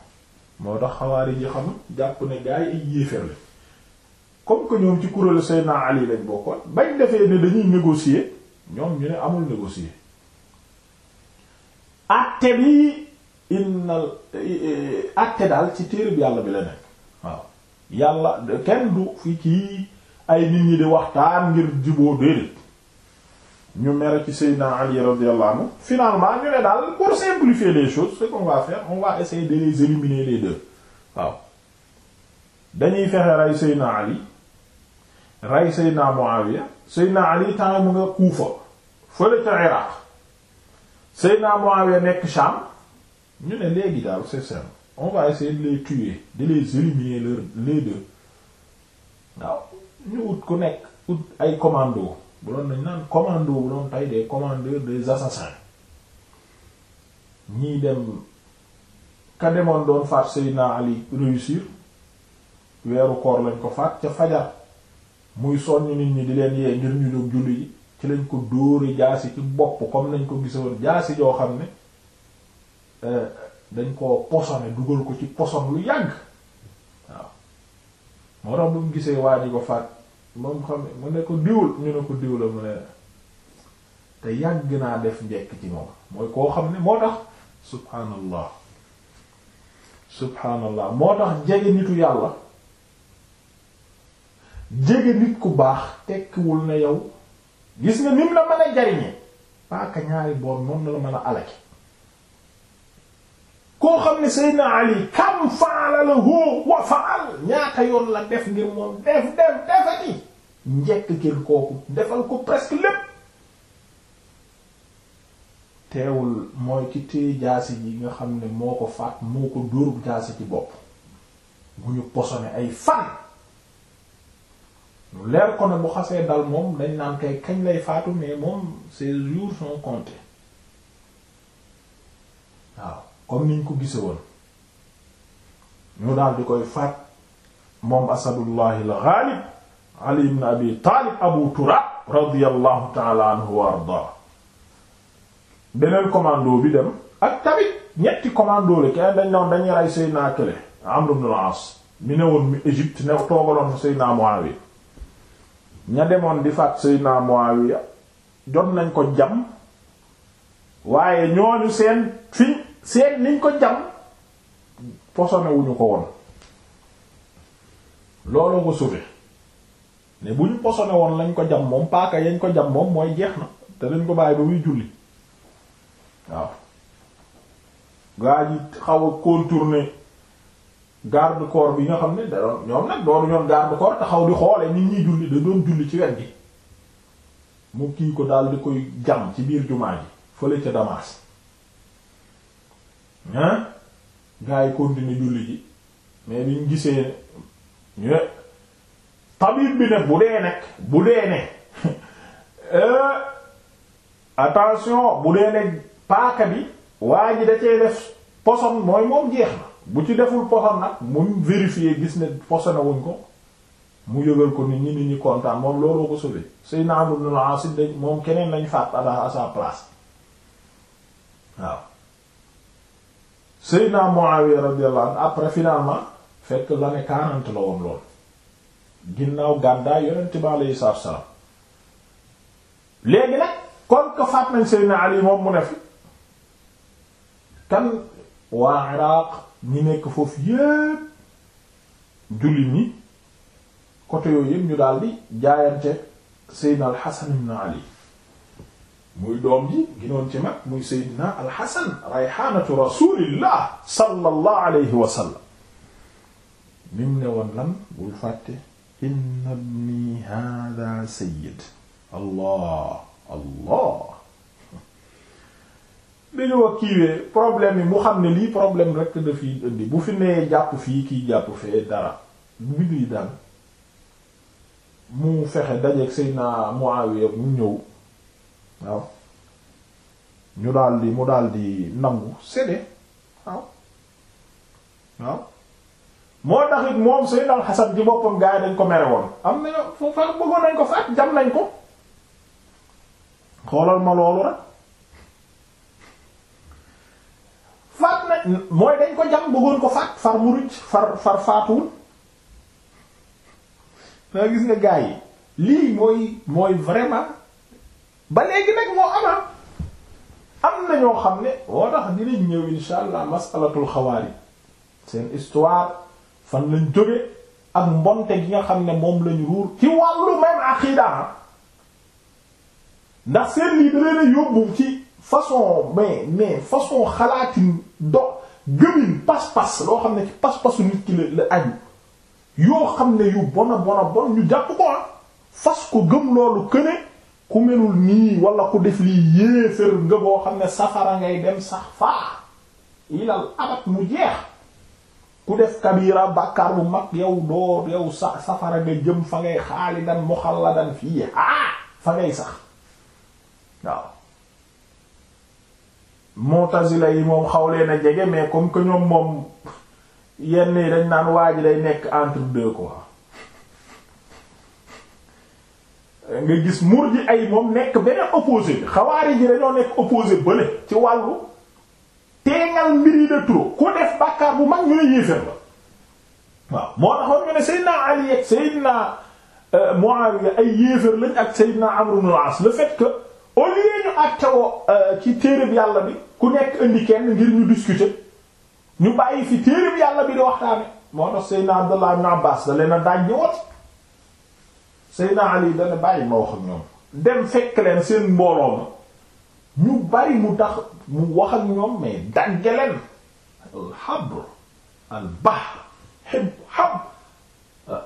moo tax xawaari ji xam jàpp ne gaa ay yéeféer lañ comme que ñoom ci kuréelu Seydina Ali lañ bokkoon bañ defee ne dañuy négocier ñoom ñu ne amul négocier àtte bi innal àtte eh, daal ci téere yàlla bi la nekk waaw yàlla kenn du fi kii ay nit ñi di waxtaan ngir juboo déedéet ñu mere ci Seydina Ali radiyallahu anhu finalement ñu ne daal pour simplifier les choses ce qu'on va faire on va Ali rey Seydina Muawiya Seydina Ali temps mu nga Kuufa fële ca Iraq Seydina Muawiya nekk Sham ñu ne léegi daal c'est simple on va essayer de les tuer de les éliminer leur les ñu ut ku nekk ut ay commando bu doon nañ naan commando bu doon tey des commandeurs des assassins ñii dem ka demoon doon faat Seydina Ali réussir weeru koor lañ ko faat ca fajar muy soññ nit ñi di leen yee ngir ñu jóg julli ji ci lañ ko dóori jaasi ci bopp comme nañ ko gisoon jaasi joo xam ne euh, dañ ko posone dugal ko ci poson lu yàgg waaw moo tax gisee waa ji ko faat moom xam ne mu ne ko diwul ñu ne ko diw la mu ne te yàgg naa def njekk ci moom mooy koo xam ne moo tax subhaanallah subhaanallah moo tax jege nitu yàlla jege nit ku baax tekkiwul na yow gis nga nim la mën a jariñe paaka ñaari boor noonu la mën a alaki koo xam ne Seydina Ali kam faala la hoo wa faal ñaata yoon la def ngir moom def def defati njekk kil kooku defal ko presque lépp teewul mooy ci téye jaasi ji nga xam ne moo ko faat moo ko dóor jaasi ci bopp bu ñu posone ay fan leer ko ne bu xasee dal moom dañ naan kay kañ lay faatu mais moom ses jours sont comptés waaw comme niñ ko gise woon ñu daal di koy faat moom asadullahi al-ghalib ali ibn abi taalib abu turaab radiyallahu taala anhu wa ardaa beneen commando bi dem ak tamit ñetti commando la kenn dañ noon dañuy rey Seydina Kële Amr ibn al mi ne woon mi Égypte ne toogaloon fa Seydina Muawiya ña demoon di faat Seydina Muawiya jot nañ ko jam waaye ñooñu seen fi seen niñ ko jam posone ko woon loolu ko sufe ne bu ñu posone woon lañ ko jam moom paaka yañ ko jam moom mooy jeex na te dañ ko bàyyi ba muy julli waaw gaa xaw a contourner garde corps bi nga xam ne da doon ñoom nag doonu ñoom garde corps taxaw di xoole nit ñi julli da doon julli ci wet gi mu ko daal di koy jam ci biir jumaa ji fële ca Damas hein gaa yi continuer julli ji mais bi ñu gisee ñu ne tabib bi nag bu dee nag bu dee ne euh, attention bu dee ne paaka bi waa ji da def poson mooy moom jeex na bu ci deful poson nag mu vérifier gis ne posone wuñ ko mu yëgal ko nit ñi nit ñi kontaan moom looloo ko sauvé Seydina Amr ibn al-As dañ moom keneen lañ faat à sa place waaw Seydina Muawiya radiyallahu anhu après finalement fekk l'année quarante la woon lool ginnaaw gàddaay yonent bi alayhi salaatu salaam léegi nag kon ko faat nañ Seydina Ali moom mu ne fi kan waa Iraq ñi nekk foofu yépp jullit ñi côté yooyu yépp ñu daal di jaayante Seydina Alxasan ibn Ali muy doom ji ginoon ci mag muy Seydina Alxasan rayxaanatu rasulillah sallallahu alayhi wa sallam lim ne woon lan bul fàtte inna ibni hada sayyid allah allah bi kiiwee problème yi mu xam ne lii problème rek daf fiy indi bu fi nee jàpp fii kii jàpp fee dara bu bind yi daan mu fexe dajeeg Seydina Muawiya mu ñëw waaw ñu daldi mu daldi nangu séddee waaw waaw moo taxit moom Seydina Al-Hasan ci boppam gaa dañ ko mere woon am na foofa bëggoon nañ ko faat jam nañ ko xoolal ma loolu rek. mooy dañ ko jam bëggoon ko faat far mu rucc far far faatuwul naa gis nga gaa yi lii mooy mooy vraiment ba léegi nag moo ama ah. am na ñoo xam ne woo tax dinañ ñëw insha allah masalatul xawaari seen histoire fan lañ jóge ak mbonte gi nga xam ne moom lañu ruur ci wàllu même aqiida ah. ndax seen lii da leen ci façon mais mais façon xalaatin do gëmin pas-pas loo xam ne ci pas-pasu nit ki la la aju yoo xam ne yu bona bona bon ñu jàpp ko ah fas ko gëm loolu këne ku melul nii wala ku def lii yéefér nga boo xam ne safara ngay dem sax faa ilal abat mu jeex ku def kabira bàkkaar bu mag yow doo yow sa safara nga jëm fa ngay xaalidan muxalladan fii ah fa ngay sax waaw Mu'tazila yi moom xaw leen a jege mais comme que ñoom moom yenn yi dañ naan waa ji nekk entre deux quoi nga gis murji ay moom nekk beneen opposé bi xawaari ji dañoo nekk opposé bële ci wàllu teengal mbiri de trop ku def bàkkaar bu mag ñu ne yéeféer la waaw moo taxoon ñu ne Seydina Ali ak Seydina euh, Muawiya ay yéeféer lañ ak Seydina Amr ibn al-As le fait que au lieu ñu àttewoo euh, ci téereb yàlla bi ku nekk indi kenn ngir ñu discuter ñu bàyyi fi téereeb yàlla bi di waxtaane moo tax Seydina Abdullah ibn Abbas da leen a daaj ñëwaat Seydina Ali dana bàyyi ma wax ak ñoom dem fekk leen seen mbooloo ñu bari mu tax mu wax ak ñoom mais dagge leen al habr al bahr hib hab euh,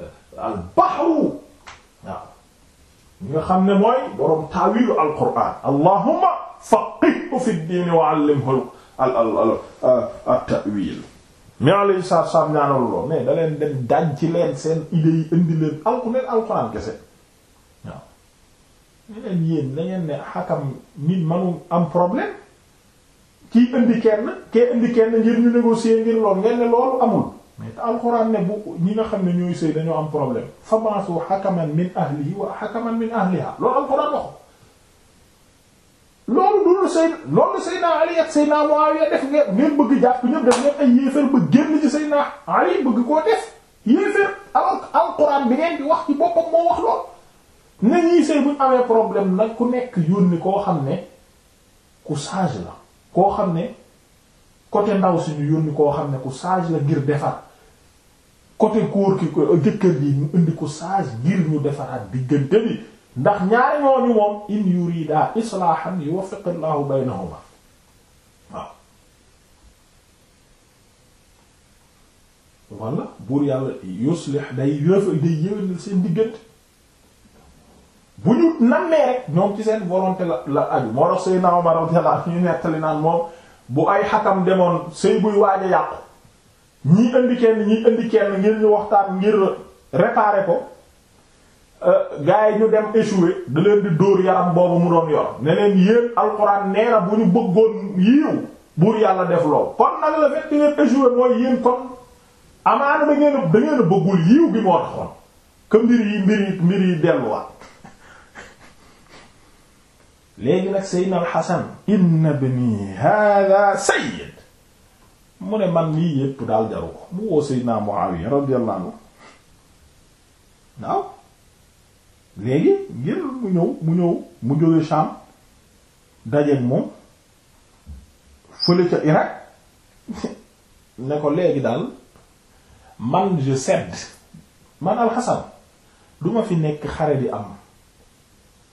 euh, al bahru waaw ñu nga xam ne mooy boroom taawilu al quraan allahumma faqihhu fi diini wa allimhu al al al ta'wil mais alayhi salaatu wa salaam ñaanalu mais da leen dem daj ci leen seen idées yi indi leen alku leen alxuraan kese waaw ñeneen yéen na ngeen ne xakam nit manu am problème kii indi kenn kee indi kenn ngir ñu négocier ngir lool ngeen ne loolu amul mais te alxuraan ne bu ñi nga xam ne ñooy sëy dañoo am problème fa ba'su min ahlihi wa xakaman min ahliha loolu alxuraan wax loolu du la Seydina loolu la Seydina Ali ak Seydina Muawiya def ngeen bëgg jàpp ñëpp def ngeen ay yéefar ba génn ci Seydina Ali bëgg koo def yéefar alors alquran bi ngeen di wax ci boppam moo wax lool. ne ñii sëy buñ amee problème nag ku nekk yónni koo xam ne ku sage la koo xam ne côté ndaw suñu yónni koo xam ne ku sage la ngir defar côté góor ki ko jëkkër ji ñu indi ku sage ngir ñu defaraat diggante bi. ndax ñaari ñooñu moom in yurida islaahan yuwaffiq Allahu baynahuma waaw walla buur yàlla yuslih day yëfa day yëwénal seen diggante bu ñu nammee ñoom ci seen volonté la la aju moo tax Seydina Omar radiyallahu anhu ñu nettali naan moom bu ay xakam demoon sëy buy waaj yàqu ñii indi kenn ñii indi kenn ngir ñu waxtaan ngir réparer ko Euh, gars yi ñu dem échoué da di dóor yaram boobu mu doon yor ne leen yéen alxuraan nee na bu ñu bëggoon yiiw buur yàlla def lool kon nag la fekk ngeen échoué mooy yéen kon amaana da ngeen a ngeen bëggul yiiw bi moo taxoon que mbir yi mbir yi yi delluwaat. léegi nag Seydina Al Hasan inna ibni hada mu ne man nii yépp daal jaru ko mu woo Seydina Muawiya radiyallahu anhu waaw. léegi ngir mu ñëw mu ñëw mu jóge Sham dajeeg moom fële ca Irak ne ko léegi daal man je cède man alxasan duma fi nekk xare di am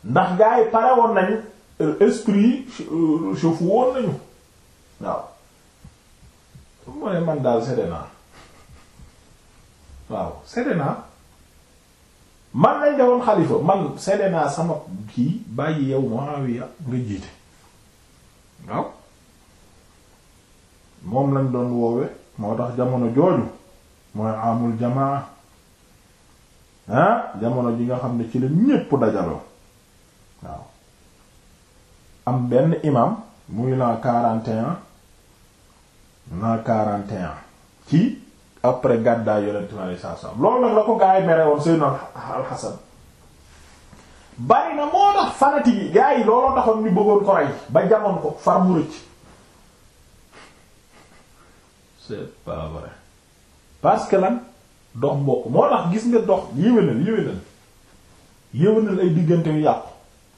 ndax gaa yi pare woon nañu euh, esprit chef euh, woon nañu waaw mu ne man daal cédé naa waaw cédé naa man lañ defoon xalifa man seede naa sama kii bàyyi yow Muawiya nga jiite waaw moom lañ doon woowe moo tax jamono jooju mooy amul jamaa ah jamono ji nga xam ne ci la ñépp dajaloo waaw am benn imam muy la quarante et un la quarante et après gàddaay yonent mi alayhi salaatu salaam loolu nag la ko gaa mere woon Seydina Alxasan bari moo tax fanatique yi gaa looloo taxoon ñu bëggoon ko rey ba jamoon ko far mu rëcc c'est que lan dox mbokk moo tax gis nga dox yéwénal yéwénal yéwénal ay diggante yu yàqu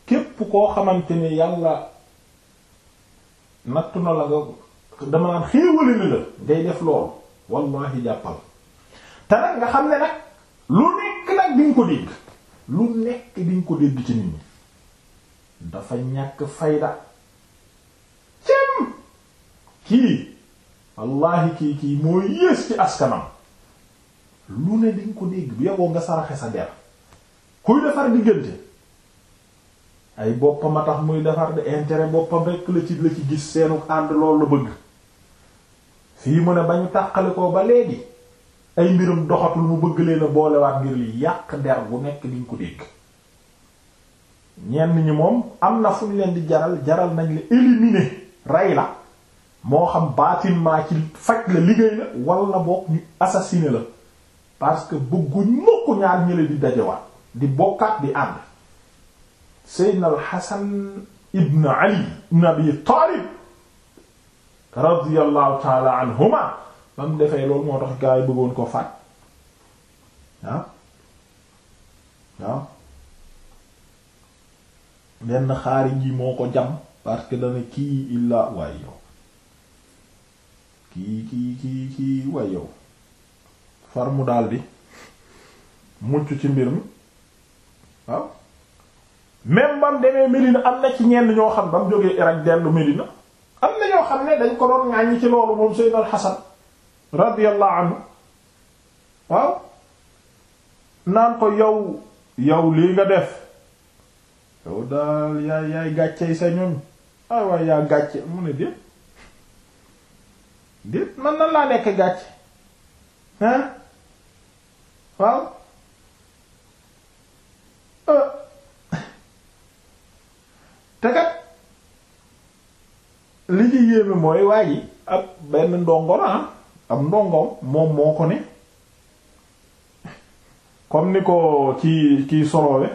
képp koo xamante ni yàlla nattu na la nga dama naan xéewale na la ngay def loolu wallahi jàppal te nag nga xam ne nag lu nekk nag diñ ko dégg lu nekk diñ ko dégg ci nit ñi dafa ñàkk fayda cim kii wallahi kii kii moo yées ci askanam lu ne diñ ko dégg bu yoboo nga saraxe sa der kuy defar diggante ay boppam a tax muy defar de intérêt boppam rekk la ci la ci gis seenu ànd loolu la bëgg fii mu ne ba ñu tàqale ba léegi ay mbirum doxatul mu bëgg leen a boolewaat ngir li yàq der bu nekk diñ ko dégg ñenn ñi moom am na fu ñu leen di jaral jaral nañ la éliminer rey la moo xam bâtiment ci faj la liggéey la wala bokk ñu assassiner la parce que bëgguñ mukk ñaar ñële di dajewaat di bokkaat di ànd Seydina al Hasan ibn Ali ibn Abi radiyallahu taala anhuma ba mu defee loolu moo tax gaa yi bëggoon ko faat waaw ah? ah? waaw benn xaarij yi moo ko jam parce que dana kii illaa waaye yow kii kii kii waaye yow far mu daldi mucc ci mbir mi waaw ah? même bam demee Médina am na ci ñenn ñoo xam bam jógee Irak dellu Médina am na xam ne dañ ko doon ŋàññi ci loolu moom Seydina al-Hasan radiyallahu anhu waaw naan ko yow yow lii nga def yow daal yaay yaay gàccey sa ñoñ ay waaye yaa gàcce mu ne déet déet man laa nekk gàcce hein waaw euh. te li ci yéeme mooy waa ji ab benn ndongo ah ab ndongoom moom moo ko ne comme ni ko ci kii solowe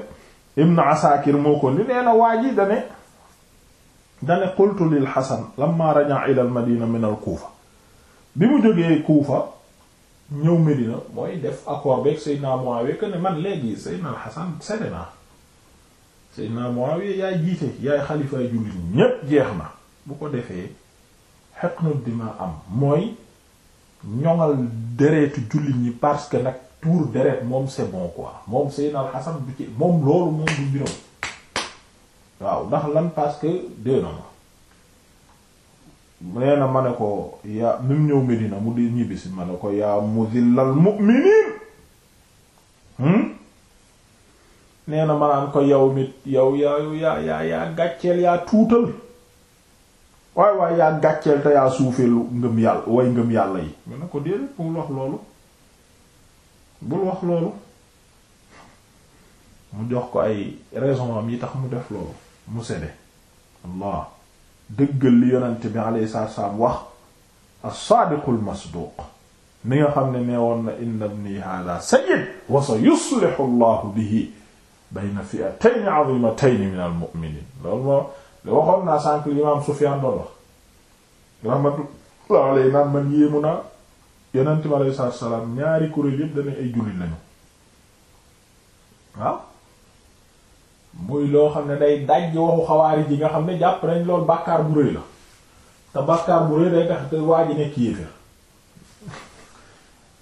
Ibn Asakir moo ko ni nee na waa ji dane dane qultu lil Hasan lamma raja'a ila al Madina min al bi mu jógee Kufa ñëw Medina mooy def accord beeg Seydina Muawiya que ne man léegi Seydina al Hasan sede naa Seydina yaay jiite yaay xalifaay jullit ñépp jeex na bu ko defee xeqnul dima am mooy ñoŋal deretu jullit ñi parce que nag tuur deret moom c'est bon moom Seydina Al Hasan ci moom loolu moom du mbiram waaw ndax lan parce que dee na ma na ma ne ko yaa mim ñëw Medina mu di ñibbisi ma ne ko yaa muzillal mu'minin hmm nee na ma naan ko yow mit yow yaa yaa yaa yaa gàcceel yaa tuutal waay waay yaa gàcceel te yaa suufeelu ngëm yàlla way ngëm yàlla yi mu ne ko déedéet bul wax loolu bul wax loolu mu jox ko ay raison am yi tax mu def loolu mu sedde allah dëggal li yonent bi alayhi salaam wax as-saadiqul masduuq ni nga xam ne nee woon na inna ibni haadaa sayyid wa sa yuslihu allahu bihi bayna fi'atayn 'azimatayn min al-mu'miniin loolu waxoon naa sànq li imaam Sufyaan doon wax rahmatullah alayhi naan man yéemu naa yonent mi salaam ñaari kuréel yëpp danañ ay jullit lañu waaw muy loo xam ne day daj waxu xawaari ji nga xam ne jàpp nañ lool bàkkaar bu rëy la te bàkkaar bu rëy day tax waa ji ne kéefër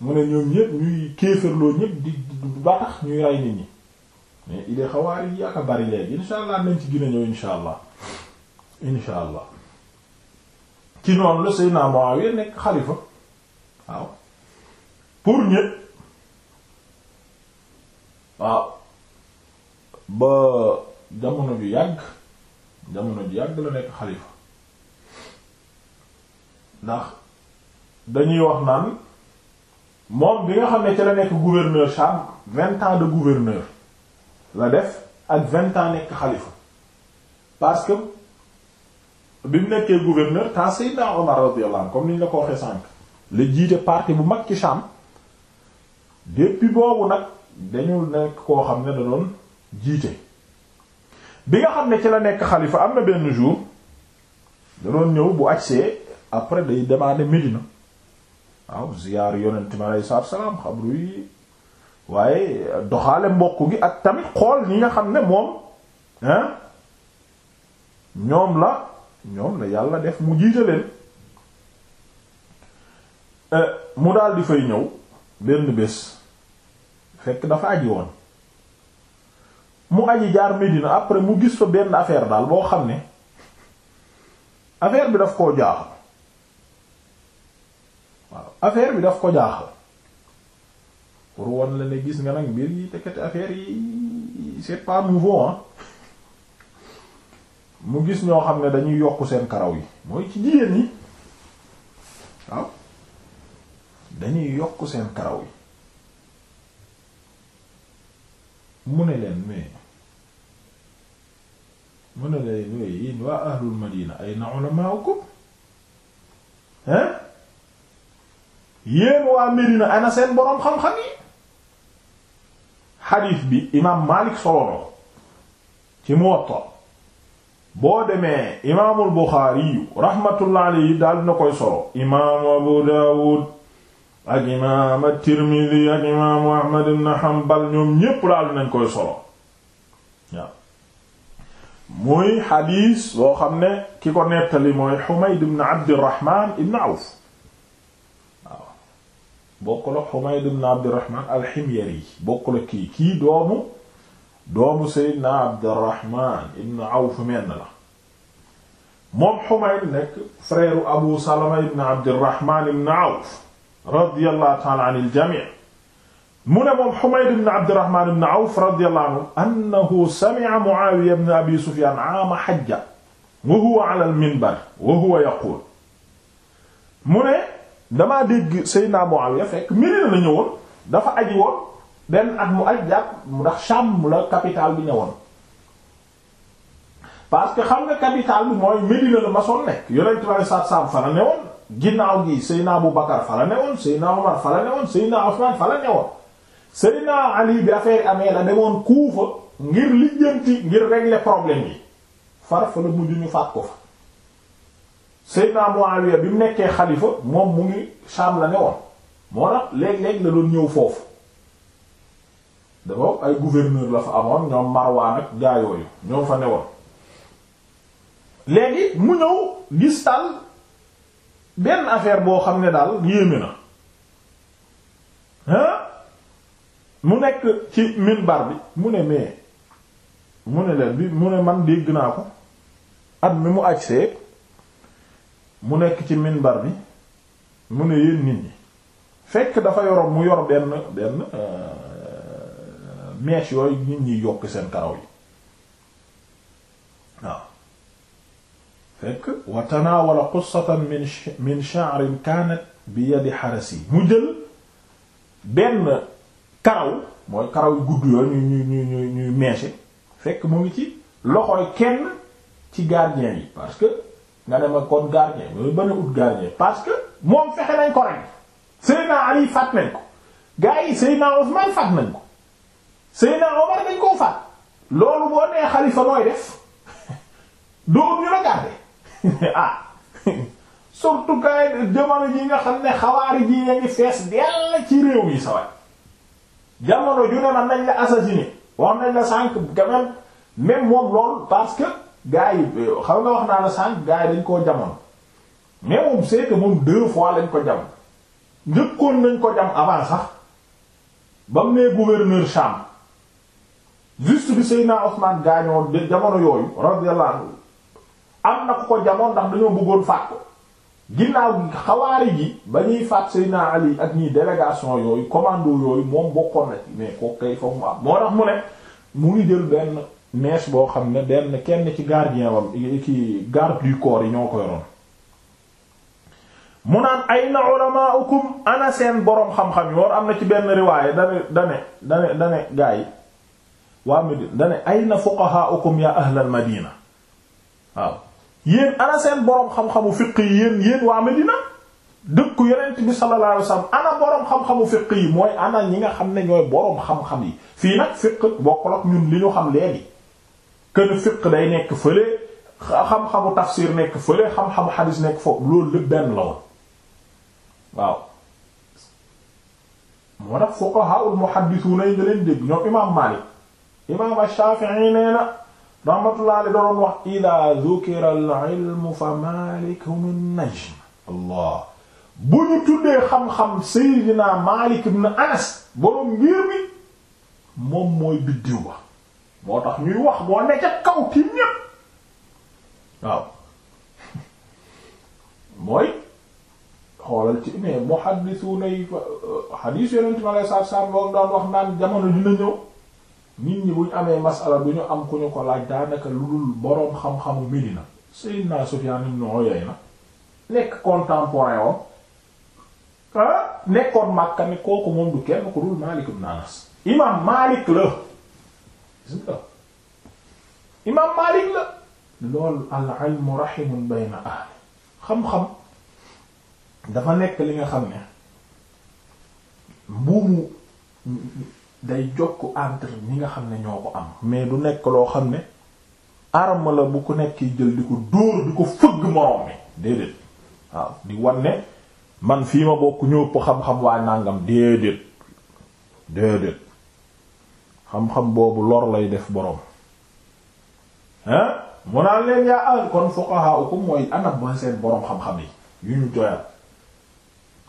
mu ne ñoom ñëpp ñuy kéefërloo ñëpp di ba tax ñuy rey nit ñi mais il xawaari yi ak a bari léegi insha allah nañ ci gën a ñëw insha allah insha allah ci noonu la Seydina Muawiya nekk xalifa waaw pour ñépp waaw ba jamono ju yàgg jamono ju yàgg la nekk xalifa ndax dañuy wax naan moom bi nga xam ne ci la nekk gouverneur Sham vingt ans de gouverneur la def ak vingt ans nekk xalifa parce bi mu nekkee gouverneur temps Seydina Omar radiyallahu anhu comme ni ñu la ko waxee sànq la jiite parti bu mag ci Sham depuis boobu nag dañu nekk koo xam ne da doon jiite bi nga xam ne ci la nekk xalifa am na benn jour da ñëw bu agsee après day demander Médina waaw ziyaar ma mi aleyhi salaatu salaam xabru waaye doxaale mbokk gi ak tamit xool ñi nga xam ne moom hein ñoom la ñoom na yàlla def mu jiite leen euh, mu daal di fay ñëw benn bés fekk dafa aji woon mu aji jaar Medina après mu gis fa benn affaire daal boo xam ne affaire bi daf koo jaaxal waaw affaire bi daf ko jaaxal pour won la ne gis nga nag mbir yi tekete affaire yi c'est pas nouveau mu gis ñoo xam ne dañuy yokk seen karaw yi mooy ci jigéen ñi waaw dañuy yokk seen karaw yi mu ne leen mais mu ne leen mais yéen waa ahlul madina ay na ulamaakum hein yéen waa Medina ana seen boroom xam-xam yi xadiis bi imaam Maalik solono ci Muwatta boo demee imaamul Buxaari rahmatullah alayhi daal dina koy solo imaamu Abu Daawud ak imaam at ak imaamu Ahmad ibn Hanbal ñoom ñépp daal dinañ koy solo muy xadiis boo xam ne ki ko nettali mooy Humayd ibn Abdirahman ibn Awf bokk la Humayd ibn Abdirahman al bokk la kii kii doomu doomu Seydina Abdurrahman ibn Awf menn la moom Humayd nekk frère u Abu Salama ibn Abdurrahman ibn Awf radiyallahu ta'ala anil jami' mu ne moom Humayd ibn Abdurrahman ibn Awf radiyallahu anhu annahu sami'a Muawiya ibn Abi Sufyan 'aama hajja wa huwa 'ala al-minbar wa huwa yaqul mu ne damaa dégg Seydina Muawiya fekk Medina la ñëwoon dafa aji woon benn at mu aj jàpp ndax Sham la capitale bi woon parce que xam nga capitale bi mooy Médina la masoon nekk yonent bale saat saam fa la newoon ginnaaw gi Seydina Abu Bakar fa la newoon Seydina Omar fa la newoon Seydina fa la newoon Seydina Ali bi affaire amee la woon Kuufa ngir lijjanti ngir régler problème yi far fa la mujj ñu faat ko fa Seydina Muawiya bi mu nekkee xalifa moom mu ngi Sham la newoon moo tax léeg-léeg la doon ñëw foofu d'abord ay gouverneur la fa amoon ñoom Marwaan ak gaa yooyu ñoom fa newoon léegi mu ñëw gis benn affaire boo xam ne daal yéeme na hein mu nekk ci minbar bi mu ne mais mu ne leen bi mu ne man dégg naa ko at mi mu agsee mu nekk ci minbar bi mu ne yéen nit ñi fekk dafa yoroon mu yor benn benn. Euh, mèche yooyu nit ñi yokk seen karaw yi waaw fekk wa tanaawala qussatan min min sha'rin kaanat bi yadi xarasi mu jël benn karaw mooy karaw yu gudd yooyu ñuy ñuy ñuy ñuy mèche fekk mu ngi ci loxooy kenn ci gardien yi parce que nga dem ak kon gardien yooyu ba ne ut gardien parce que moom fexe nañ ko rek Seydina Ali faat nañ ko gaa yi Seydina Ousmane faat nañ ko Seydina Omar dañ koo faat loolu boo nee xalifa mooy def doo ñu la garder ah surtout kay jamono ji nga xam ne xawaari ji ya ngi fees dell ci réew mi sa waay jamono ne man nañ la assassiné wax nañ la sànq quand même parce que gars yi xam nga wax naa la sànq dañ koo jamono mais moom c'est moom deux fois lañ ko jam njëkkoon nañ ko jam avant sax ba mu nee gouverneur juste bi Seydina Ousmane gaañoo de jamono yooyu radiyallahu anhu am na ku ko jamoon ndax dañoo bëggoon faat ko ginnaaw xawaari ji ba ñuy faat Seydina Ali ak ñi délégation yooyu commando yooyu moom bokkoon na ci mais ko kay foofu mu am mu ne mu ngi jël benn mèche boo xam ne benn kenn ci gardien wam ci garde du corps yi ñoo ko yoroon mu naan ayna ulamaukum ana seen boroom xam-xam yi am na ci benn riwaaye dane dane dane dane gaa waa Madina dane ayna fuqaha'ukum ya ahlal Madina waaw yéen ana seen boroom xam-xamu fiq yi yéen yéen waa Madina dëkku yonent bi sallallahu alayhi ana boroom xam-xamu fiq yi mooy ana ñi nga xam ne ñooy boroom xam-xam yi fii nag fiq bokkul ak ñun li ñu xam léegi kën fiq day nekk fële xam-xamu tafsir nekk fële xam-xamu xadis nekk foofu loolu lépp benn la woon waaw moo tax fuqaha'ul muhaddithuna yi nga leen dégg ñoom imaam Maalik imaam Shaafi'i nee na rahmatullahi alayhi doon wax idaa dhukira al-ilmu fa Maalikun an-najm Allah bu ñu tuddee xam-xam Seydina Maalik ibn Anas borom ngir mi moom mooy biddiw ba moo tax ñuy wax boo ne ca kaw ci ñépp waaw mooy xoolal ci ne muhaddisuuna yi xadiis Yonent bi sallallahu alayhi wa sallam doon wax naan jamono dina ñëw nit ñi buñ amee masala du ñu am ku ñu ko laaj daanaka lu dul boroom xam-xamu Medina Sayyidna Sufyan ibn Uyayna nekk contemporain woon ah nekkoon Makka ne kooku moom du kenn ku dul Malik ibn Anas imam Malik la imam Malik la loolu al ilmu rahimun bayna ahli xam-xam dafa nekk li nga xam ne mbuumu day jokk entre ñi nga xam ne ñoo ko am mais du nekk loo xam ne arme la bu ko nekk jël di ko dóor di ko fëgg moroom mi déedéet waaw di wan ne man fii ma bokk ñu ëpp xam-xam waa nàngam déedéet déedéet xam-xam boobu lor lay def boroom hein mu naa leen yaa al kon fuqaha ukum mooy anab ba seen boroom xam-xam yi yu ñu joyal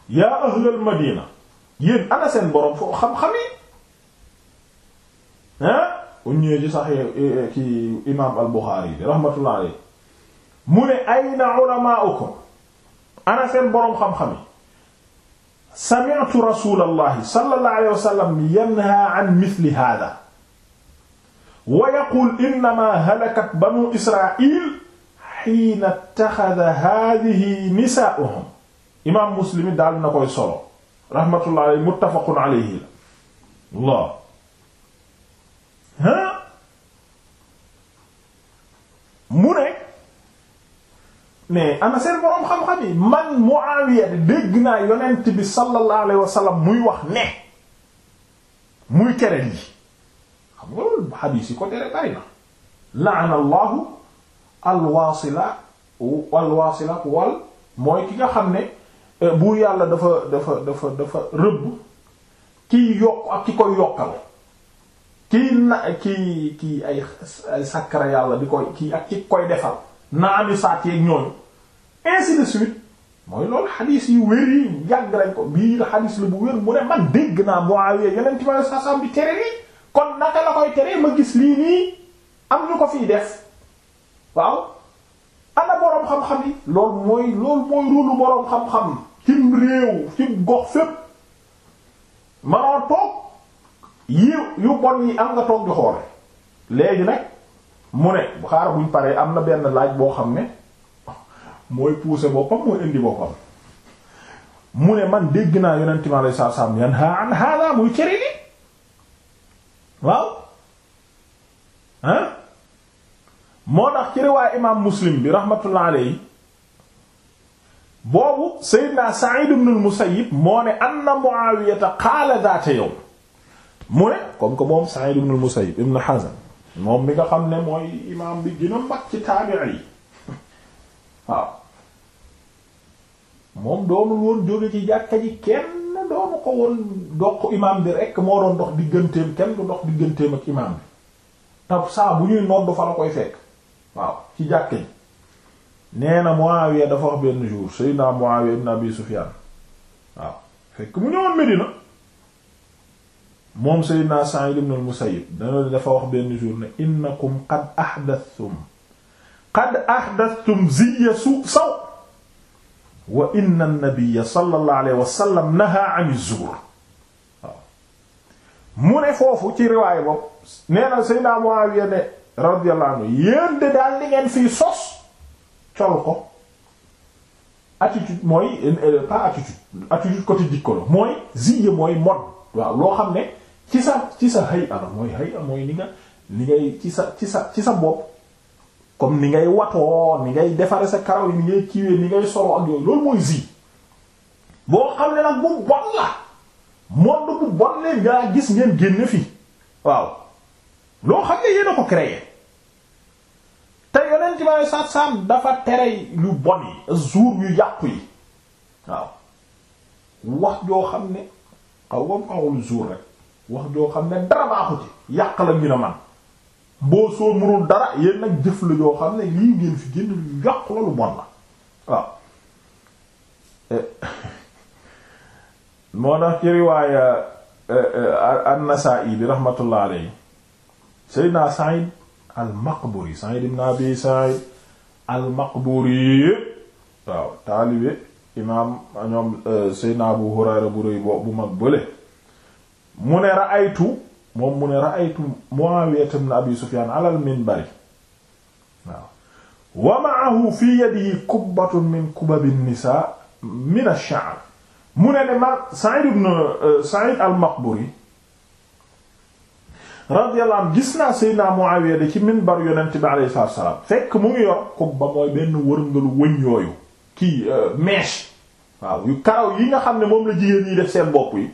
yaa ahlal madina yéen ana seen boroom foo xam-xam yi uñ ñëwee ci saxee ki imaam al-Buxaari bi rahmatullah alayhi mu ne ayna ulamaa'ukum ana seen boroom xam-xami sami'tu rasulallahi sallallahu alayhi wa sallam yanha an mithli hadha wa yaqul innama halakat banu israil xiina ittaxada hadihi nisaa'uhum imaam Muslim daal na koy solo rahmatullah alayhi muttafaqun alayhi la mu ne mais ana seen boroom xam-xam yi man Muawiya dégg naa yonent bi sallallahu alayhi wa muy wax ne muy tere lii xam nga loolu xadiis yi ko tere bari na la'ana Allahu al-waasila al-waasila wal mooy ki nga xam ne eh, buur yàlla dafa dafa dafa dafa rëbb kiy yokk ak ki koy yokkal kiy na ki kii ay ay sakkara yàlla di koy kii ak ki koy defal naami saat yeeg ñooñu ainsi de suite mooy loolu xadiis yi wér yàgg lañ ko bii xadiis la bu wér mu ne man dégg naa Muawiya yeneen ci ma sasam bi tere lii kon naka la koy teree ma gis lii nii am ñu ko fiy def waaw ana boroom xam-xam yi loolu mooy loolu mooy rôlu boroom xam-xam cim réew cim gox fépp manoo toog yi yu bon yi am nga toog di léegi nag mu ne xaaral buñ paree am na benn laaj boo xam ne mooy pousser boppam mooy indi boppam mu ne man dégg naa yonent mi alayhi salaam yan an hada muy cere li waaw ah moo tax ci riwaaya imaam muslim bi rahmatullah alayhi boobu Seydina Sa'id ibn al-Musayyib moo ne anna Muawiyata qaala zaata yawm mu ne comme que moom Sa'id ibn al-Musayyib ibn Hazn moom mi nga xam ne mooy imaam bi gën a mag ci taabi'i yi waaw moom doonul woon jóge ci jàkka ji kenn doonu ko woon doq imaam bi rek moo doon dox digganteem kenn du dox digganteem ak imaam bi tab saa bu ñuy nodd fa la koy fekk waaw ci jàkka ji nee na Muawiya dafa wax benn jour Sayyidina Muawiya ibn Abi Sufyan waaw fekk mu ñëwoon Medina moom Seydina Sa'id ibn al-Musayyib dana dafa wax benn jour ne innakum qad ahdathtum qad ahdathtum ziyya su saw wa inna an-nabiyya sallallahu alayhi wa sallam naha 'ani zuur waaw mu ne foofu ci riwaay bopp nee na Seydina Muawiya ne radiyallahu anhu yéen de daal li ngeen fii sos col ko attitude mooy euh, pas attitude attitude côté jikko la mooy ziyya mooy mod waaw loo xam ne ci sa ci sa hay ala ah, mooy hay a ah, mooy ni nga ni ngay ci sa ci sa ci sa bopp comme ni ngay watoo ni ngay defare sa karaw yi ni ngay kiiwee ni ngay solo ak yooyu loolu mooy zi boo xam ne nag bu bon la monde bu bon leen ngaa gis ngeen génn fii waaw loo xam ne yéen a ko créé te yonent bi alei satu dafa tere yu bon yi jour yu yàqu yi waaw wax joo xam ne xaw wam xawul jour rek wax joo xam ne dara baaxu ci yàq la ñu ne man boo soo mënul dara yéen nag jëf la joo xam ne lii ngeen fi génn lu yàq la lu bon la waaw. Eh, moo tax ci riwaaya eh, eh, an-Nasaa'i bi rahmatullah alayhi Seydina Sa'id al-Maqburi Sa'id ibn Abi Sa'id al-Maqburi waaw taalibe imaam ñoom Seydina Abu Hurayra bu rëy bu mag bële. mu ne ra'aytu moom mu ne ra'aytu Muawiya ibn Abi Sufyan ala al-minbari waaw wa ma'ahu fi yadihi kubbatun min kubabi an-nisa min ash-sha'r mu ne ne ma Sa'id ibn euh, Sa'id al-Maqburi radiyallahu anhu gis naa Seydina Muawiya da ci minbar yonent bi alayhi salaatu wa salaam fekk mu ngi yor kubba mooy benn wërngalu wëñ yooyu kii euh, mèche waaw yu karaw yi nga xam ne moom la jigéen ñi def seen bopp yi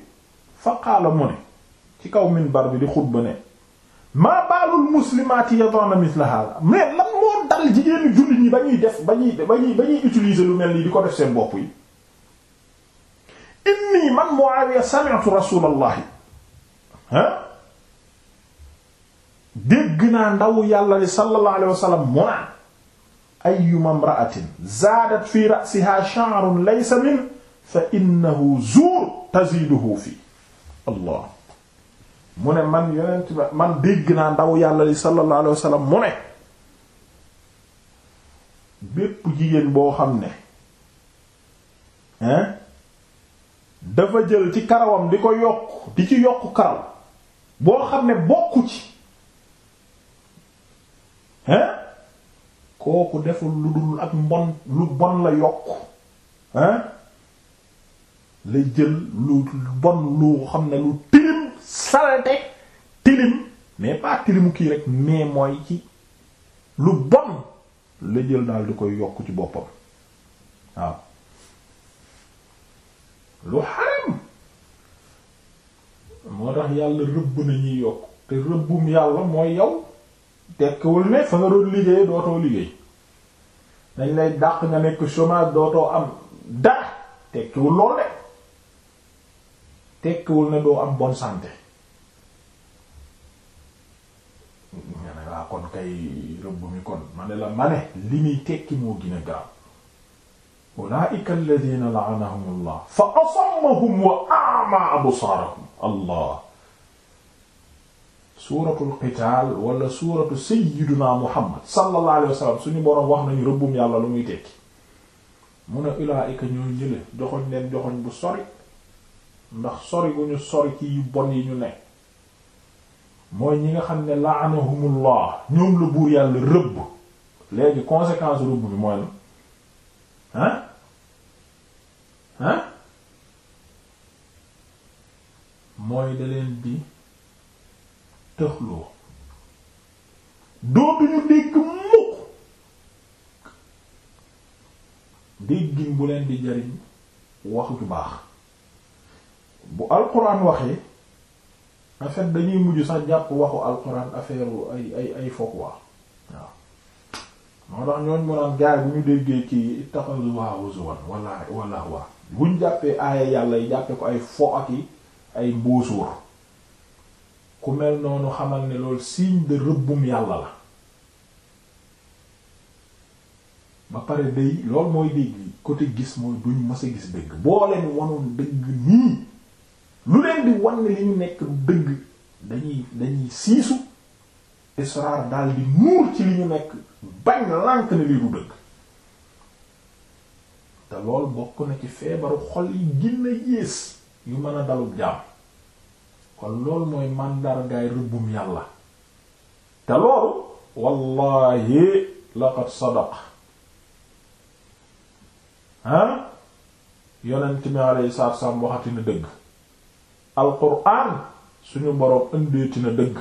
fa qaala mu ne ci kaw minbar bi di xutba ne maa baalul muslimaati yadana mithla hada mais lan moo dal jigéenu jullit ñi ba ñuy def ba ñuy ba ñuy ba ñuy utiliser lu mel nii di ko def seen bopp yi inni man Muawiya sami'tu rasulallahi ah dégg naa ndaw yàlla li sallallahu alayhi wa sallam mu naan ayyuma imra'atin zaadat fi ra'siha sha'run laysa min fa innahu zuur taziiduhu fii allah mu ne man yonent ba man dégg naa ndaw yàlla li sallallahu alayhi wa sallam mu ne bépp jigéen boo xam ne hein dafa jël ci karawam di ko yokk di ci yokk karaw boo xam ne bokku ci hein kooku deful lu dul ak mbon lu bon la yokk hein la jël lu bon lu xam ne lu tilim saleté tilim mais pas tilimu kii rek mais mooy ci lu bon la jël daal di koy yokk ci boppam waaw lu xaram moo tax yàlla rëbb na yokk te rëbbum yàlla mooy yow tekkiwul ne fa nga doon liggéey dootoo liggéey dañ lay dàq nga nekk chômage dootoo am dara tekkiwul lool de tekkiwul ne doo am bonne santé nga ne waa kon kay rëbb mi kon ma ne la ma li muy tekki moo gën gaaw ulaa'ika allah fa asammahum wa a'maa absaarahum allah suuratul suuratu sayyidina muhammad sallallahu alayhi wa sallam suñu boroom wax nañu rëbbum yàlla lu muy tekki mu ne ñoo jële joxoñ leen joxoñ bu sori ndax sori gu ñu sori ci yu bon yi ñu ne mooy ñi nga xam ne la'anahumullah ñoom la buur yàlla rëbb léegi conséquence rëbb bi mooy la hein hein mooy da leen di tëxloo dootuñu dégg mukk déggin bu leen di jariñ waxu ju baax bu alquran waxee en fait dañuy mujj sax jàpp waxu alquran affaire ay ay ay fokk waaw moo tax ñooñ mu naan gaay bu ñu déggee kii ittaxazu huzuwan walla walla waa buñ jàppee aaya yàlla yi jàppee ko ay fo ak yi ay mbóosóor ku mel noonu xamal ne loolu signe de rëbbum yàlla la ba pare day loolu mooy dégg côté gis mooy duñ mës a gis dëgg boo leen wanoon dëgg nii lu leen di wan li ñu nekk lu dëgg dañuy dañuy siisu israar daal di ci li ñu nekk bañ lànk ne lii du dëgg te lool bokk na ci feebaru xol yi gën yées yu mën a dalub jaam kon loolu mooy màndargaay rëbbum yàlla te loolu wallahi laqad sadaq ah yonent mi alayhi salaatu wassalaam waxati na dëgg alquran suñu boroom ëndeeti na dëgg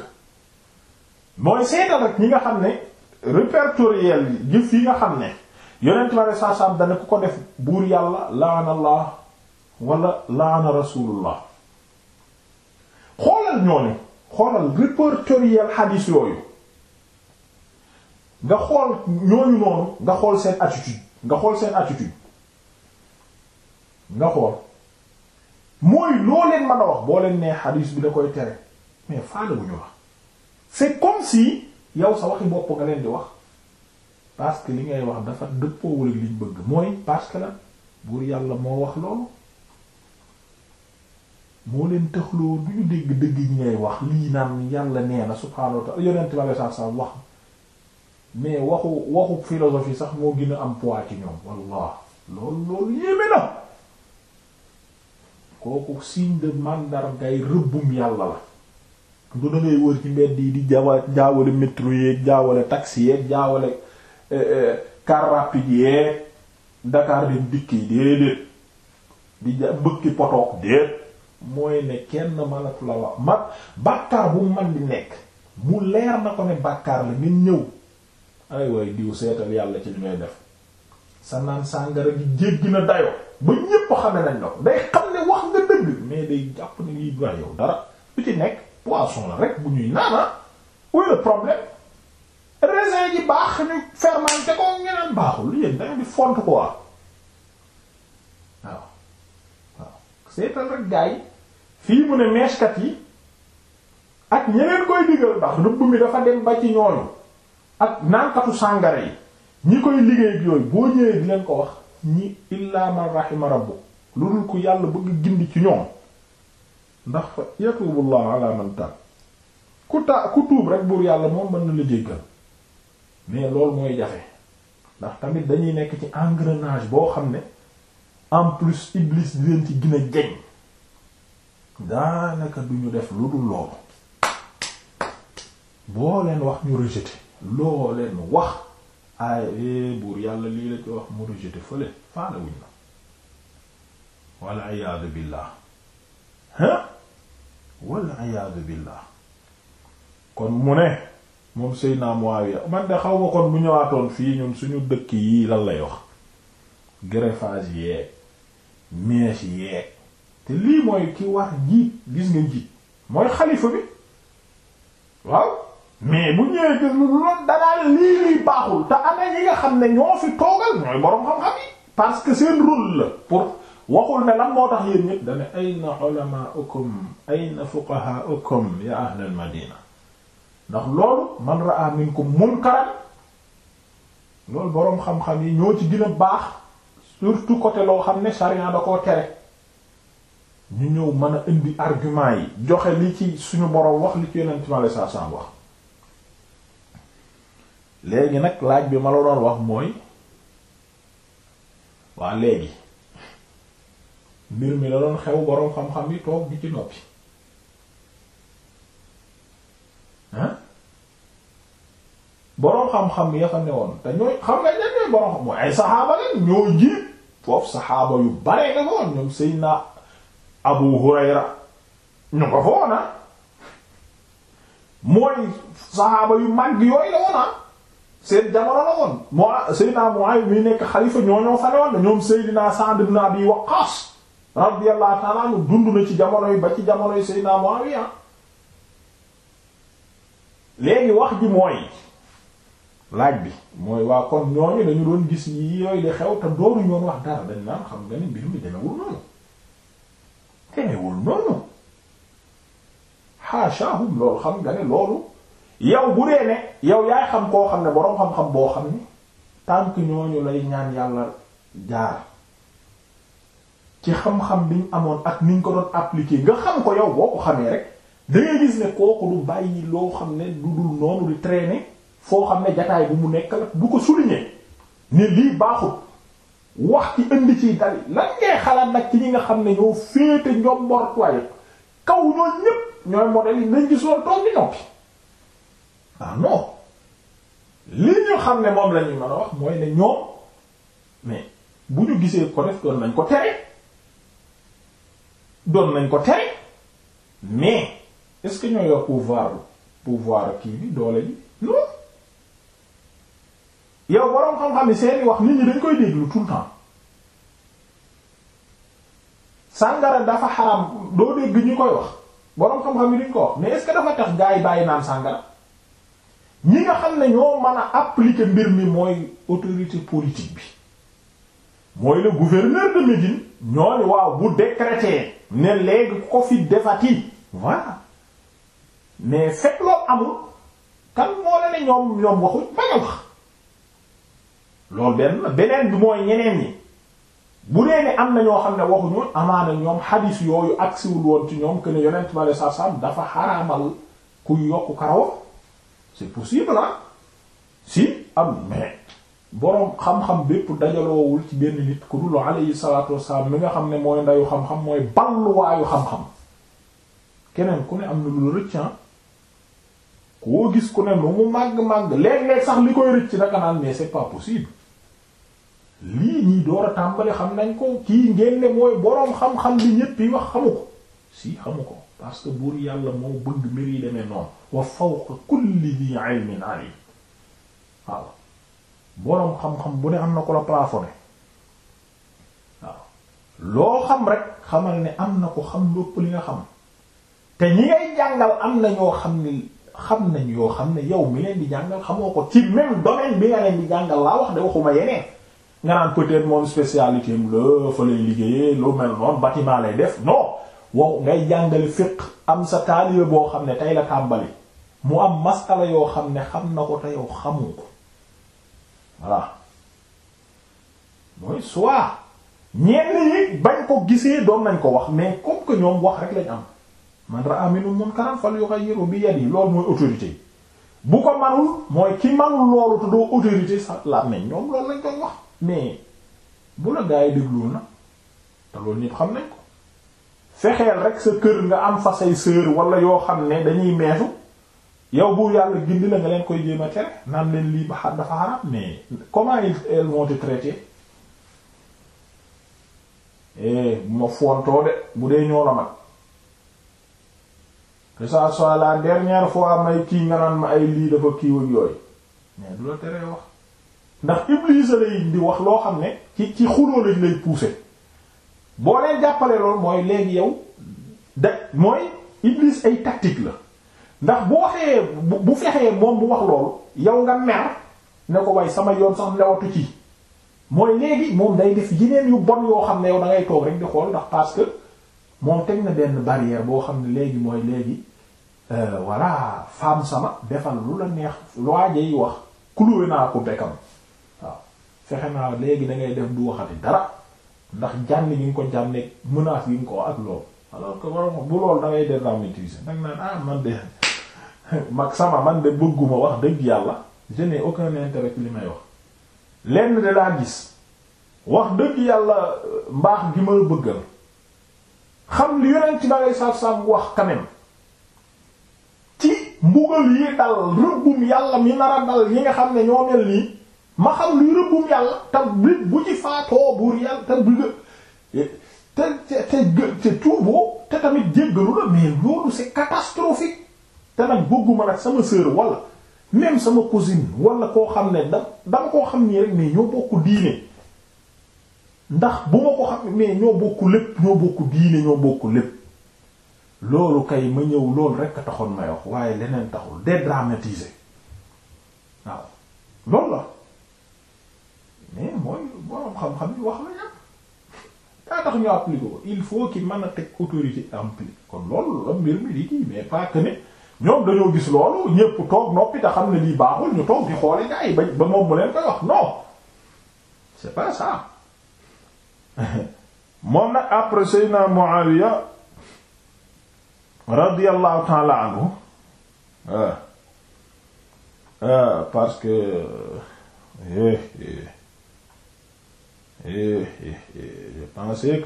mooy seetal rek ñi nga xam ne répertoriel yi jëf yi nga xam ne yonent bi alei saatu dana ku ko def buur yàlla laana allah wala laana rasulullah xoolal ñooñu xoolal répertoriel xadiis yooyu nga xool ñooñu noonu nga xool seen attitude nga xool seen attitude nga xool mooy loo leen a wax boo leen nee xadiis bi da koy tere mais faale wu ñu wax c'est comme si yow sa waxi bopp nga leen di wax parce que li ngay wax dafa dëppoowul liñ bëgg mooy parce que la buur yàlla moo wax loolu moo leen taxloo du ñu dégg dëgg ñi ngay wax lii naan yàlla nee na subhaanahu wa ta'ala yonent bi alayhi salaam wax mais waxu waxu philosophie sax moo gën a am poids ci ñoom wallah loolu loolu yéeme na kooku signe de mandargay rëbbum yàlla la du da ngay wër ci mbedd yi di jawa jaawale métro yeeg jaawale taksi yeeg jaawale eh, eh, car rapide yeeg Dakar dem dikk yi déedéet di ja mbëkki potoog déet mooy ne kenn manatu la mag bàkkaar bu man di nekk mu leer na ko ne bàkkaar la nit ñëw ay waay diw seetal yàlla ci li ngay def sa naan sàngara gi jéggi na dayoo ba ñépp xame nañ la day xam ne wax nga dëgg mais day jàpp ne liy doy yow dara lu ci nekk poisson la rek bu ñuy naana ah. où est le problème raisin ji baax ñu fermenté ko ñeneen baaxul yéen da ngeen di font quoi waaw waaw seetal rek gaa yi fii mu ne meeskat yi ak ñeneen koy digal baax rëbb mi dafa dem ba ci ñooñu ak naankatu sàngara yi ñi koy liggéey ak yooyu boo ñëwee di leen ko wax ñi illaa man rahima rabbu lu dul ko yàlla bëgg gindi ci ñoom ndax fa yatubullahu ala man ku ta ku tuub rek buur yàlla moom mën na la jéggal mais loolu mooy jafe ndax tamit dañuy nekk ci engrenage boo xam ne en plus iblis di leen ci gën a jeñ daanaka duñu def lu dul loolu boo leen wax ñu rejeté loo leen wax aay eh, buur yàlla lii la ci wax mu rejeté fële faale wuñ la walla iyaadu billaah hein walla iyaadu billaah kon mu ne moom Seydina Muawiya man de xaw ma kon bu ñëwaatoon fii ñun suñu dëkk yi lan lay wax greffage yeeg mèche yeeg te lii mooy ki war njiit gis nga njiit mooy xalifa bi waaw mais bu ñëwee gis lu loolu danaa lii luy baaxul te am ñi nga xam ne ñoo fi toogal ñooy boroom xam-xam yi parce que seen rôle la pour waxul ne lan moo tax yéen ñëpp dane ayna ulamaukum man boroom xam yi ñoo ci gën a baax surtout côté loo xam ne sharia da koo tere ñëw mën a indi argument yi joxe li ci suñu boroom wax li ci yonent mi sallallahu alayhi wax léegi nag laaj bi ma la doon wax mooy waa léegi mbir mi la doon xew boroom xam-xam yi toog bi ci noppi boroom xam-xam ya fa newoon te ñooy xam nga ñan ñooy boroom xam mooy saxaaba yu bare nga foon ñoom ah. yu mag yooyu la ah. seen jamono la woon moo Seydina Muawiya mi nekk xalifa ñoo ñoo fa newoon ñoom Seydina Sa'd ibn Abi Waqqas radiyallahu ta'ala anhu dund na ci jamono yi ba ci jamono yi Seydina Muawiya léegi wax ji mooy laaj bi mooy waa kon ñooñu dañu doon gis yooyu di xew te dooru ñoon wax dara dañ naan xam nga ni mbir mi demewul noonu demewul noonu haashahum loolu xam nga ne loolu yow bu dee ne yow yaay xam koo xam ne boroom xam-xam boo xam ne tànk ñooñu lay ñaan yàlla jaar ci xam-xam bi ñu amoon ak ni ñu ko doon appliquer nga xam ko yow boo ko xamee rek da gis ne kooku lu bàyyi loo xam ne du dul noonu di traîner foo xam ne jataay bu mu nekk la du ko souligner ne lii baaxul wax ci indi ciy dali lan ngay xalaat nag ci ñi nga xam ne ñoo féete ñoom mbor waaye kaw ñoo ñépp ñooy modèle yi nañ gisoo toog di noppi ah non li ñu xam ne moom la ñuy a wax mooy ne ñoom mais bu ñu gisee ko def doon nañ ko tere doon nañ ko tere mais est-ce que ñoo yor pouvoir pouvoir kii bi doole ji non yow boroom xam-xam yi seeni wax nit ñi dañ koy déglu tout sàngara dafa xaram doo dégg ñu koy wax boroom xam-xam yi duñ ko wax mais est-ce que dafa tax gaa yi bàyyi naan sàngara ñi nga xam ne ñoo mën a appliquer mbir mi mooy autorité politique bi mooy le gouverneur de Médine ñoo ne waaw bu décréter ne léegi ko fi defati voilà mais fekk loo amul kan moo la ne ñoom ñoom waxuñ bañ wax loolu benn beneen bi mooy ñeneen ñi bu nee am na ñoo xam ne waxuñu amaana ñoom xadiis yooyu agsiwul woon ci ñoom que ne yonent bi sallallahu alayhi dafa xaraamal kuy yokk karawam c'est possible ah si am mais boroom xam-xam bépp dajaloowul ci benn nit ku dul alayhi salaatu wassalaam mi nga xam ne mooy ndayu xam-xam mooy balluwaayu xam-xam keneen ku ne am na lu rëccan koo gis ku ne lu mu màgg-màgg léeg-léeg sax li koy rëcc danga naan mais c'est pas possible lii ñii door a tàmbali xam nañ ko kii ngeen ne mooy boroom xam-xam li ñépp wax xamu ko si xamu ko parce que buur yàlla moo bëgg mbir yi demee noonu wa fawqa kulli di ilmin alim waaw boroom xam-xam bu ne am na ko la plafonné waaw loo xam rek xamal ne am na ko xam lépp li nga xam te ñi ngay jàngal am na ñoo xam ni xam nañ yoo xam ne yow mi leen di jàngal xamoo ko ci même domaine bi nga leen di jàngal laa wax de waxuma yeneen nga naan peut moom spécialité am la fa lay liggéeyee lu mel noonu bâtiment def non wow ngay jàngale fiqh am sa taalibe boo xam ne tey la tàmbali mu am masala yoo xam ne xam na ko te yow xamu ko voilà mooy soit ñenn yi bañ ko gisee doom nañ ko wax mais comme que ñoom wax rek lañ am man ra'a minhum munkaran falyughayyiru bi yi loolu mooy autorité bu ko manul mooy ki manul loolu te doo autorité sax la mais ñoom loolu lañ koy wax mais bu la gaa yi dégluwul na te loolu ñépp xam nañ ko. fexeel rek sa kër nga am fa say sœur wala yoo xam ne dañuy meesu yow bu yàlla gindi la nga leen koy jéem tere naan leen lii ba xam dafa xaram mais comment ils elles vont te traiter eh, ma fontoo de bu dee ñoo la mag que ça soit la dernière fois may kii nga naan ma ay lii dafa kiiw ak mais du la teree wax ndax Iblis lay di wax loo xam ne ci ci xuloo lañ lay pousser. boo leen jàppale loolu mooy léegi yow da mooy Iblis ay tactique la ndax bu waxee bu fexee moom bu wax loolu yow nga mer ne ko way sama yoon sax newatu ci mooy léegi moom day def yeneen yu bon yoo xam ne yow da ngay toog rek di xool ndax parce que moom teg na benn barrière boo xam ne léegi mooy léegi euh, voilà femme sama defal lu la neex loaje yi wax cloué naa ko bekkam waaw fexe naa léegi da ngay def du waxati dara ndax jànn gi nga ko jànneeg menace gi nga ko ak loolu alors que waroon bu loolu da ngay def daa maîtriser nag naan ah man de mag sama man de bëgguma wax dëgg yàlla je n'ai aucun intérêt li may wax lenn de laa gis wax dëgg yàlla mbaax gi ma bëggal xam li yonent ci bari saab-saab wax quand même ci mbugal yi dal rëbbum yàlla mi nar dal yi nga xam ne ñoo mel nii ma xam luy rëbbum yàlla te bu ci faatoo buur yàlla te bu te te te tuuboo te tamit jéggalu la mais loolu c'est catastrophique te nag bëgguma nag sama sœur walla même sama cosin wala koo xam ne da dama koo xam nii rek mais ñoo bokk diine ndax bu ma ko xam mais ñoo bokk lépp ñoo bokk diine ñoo bokk lépp loolu kay ma ñëw lool rek taxoon may wax waaye leneen taxul dédramatiser waaw loolu la mais mooy xam-xam yi wax la daa tax ñu appliqué ko il faut qu'il mën a teg autorité empli kon loolu la mbir mi di kii mais pas que ñoom dañoo gis loolu ñépp toog noppi te xam ne lii baaxul ñu toog di xoole nga ay ba ba moom mu leen koy wax non c'est pas ça moom nag après Seydina Muawiya radiyallahu ta'ala anhu euh, euh, parce que euh, eh, eh, eh eh, eh je pensais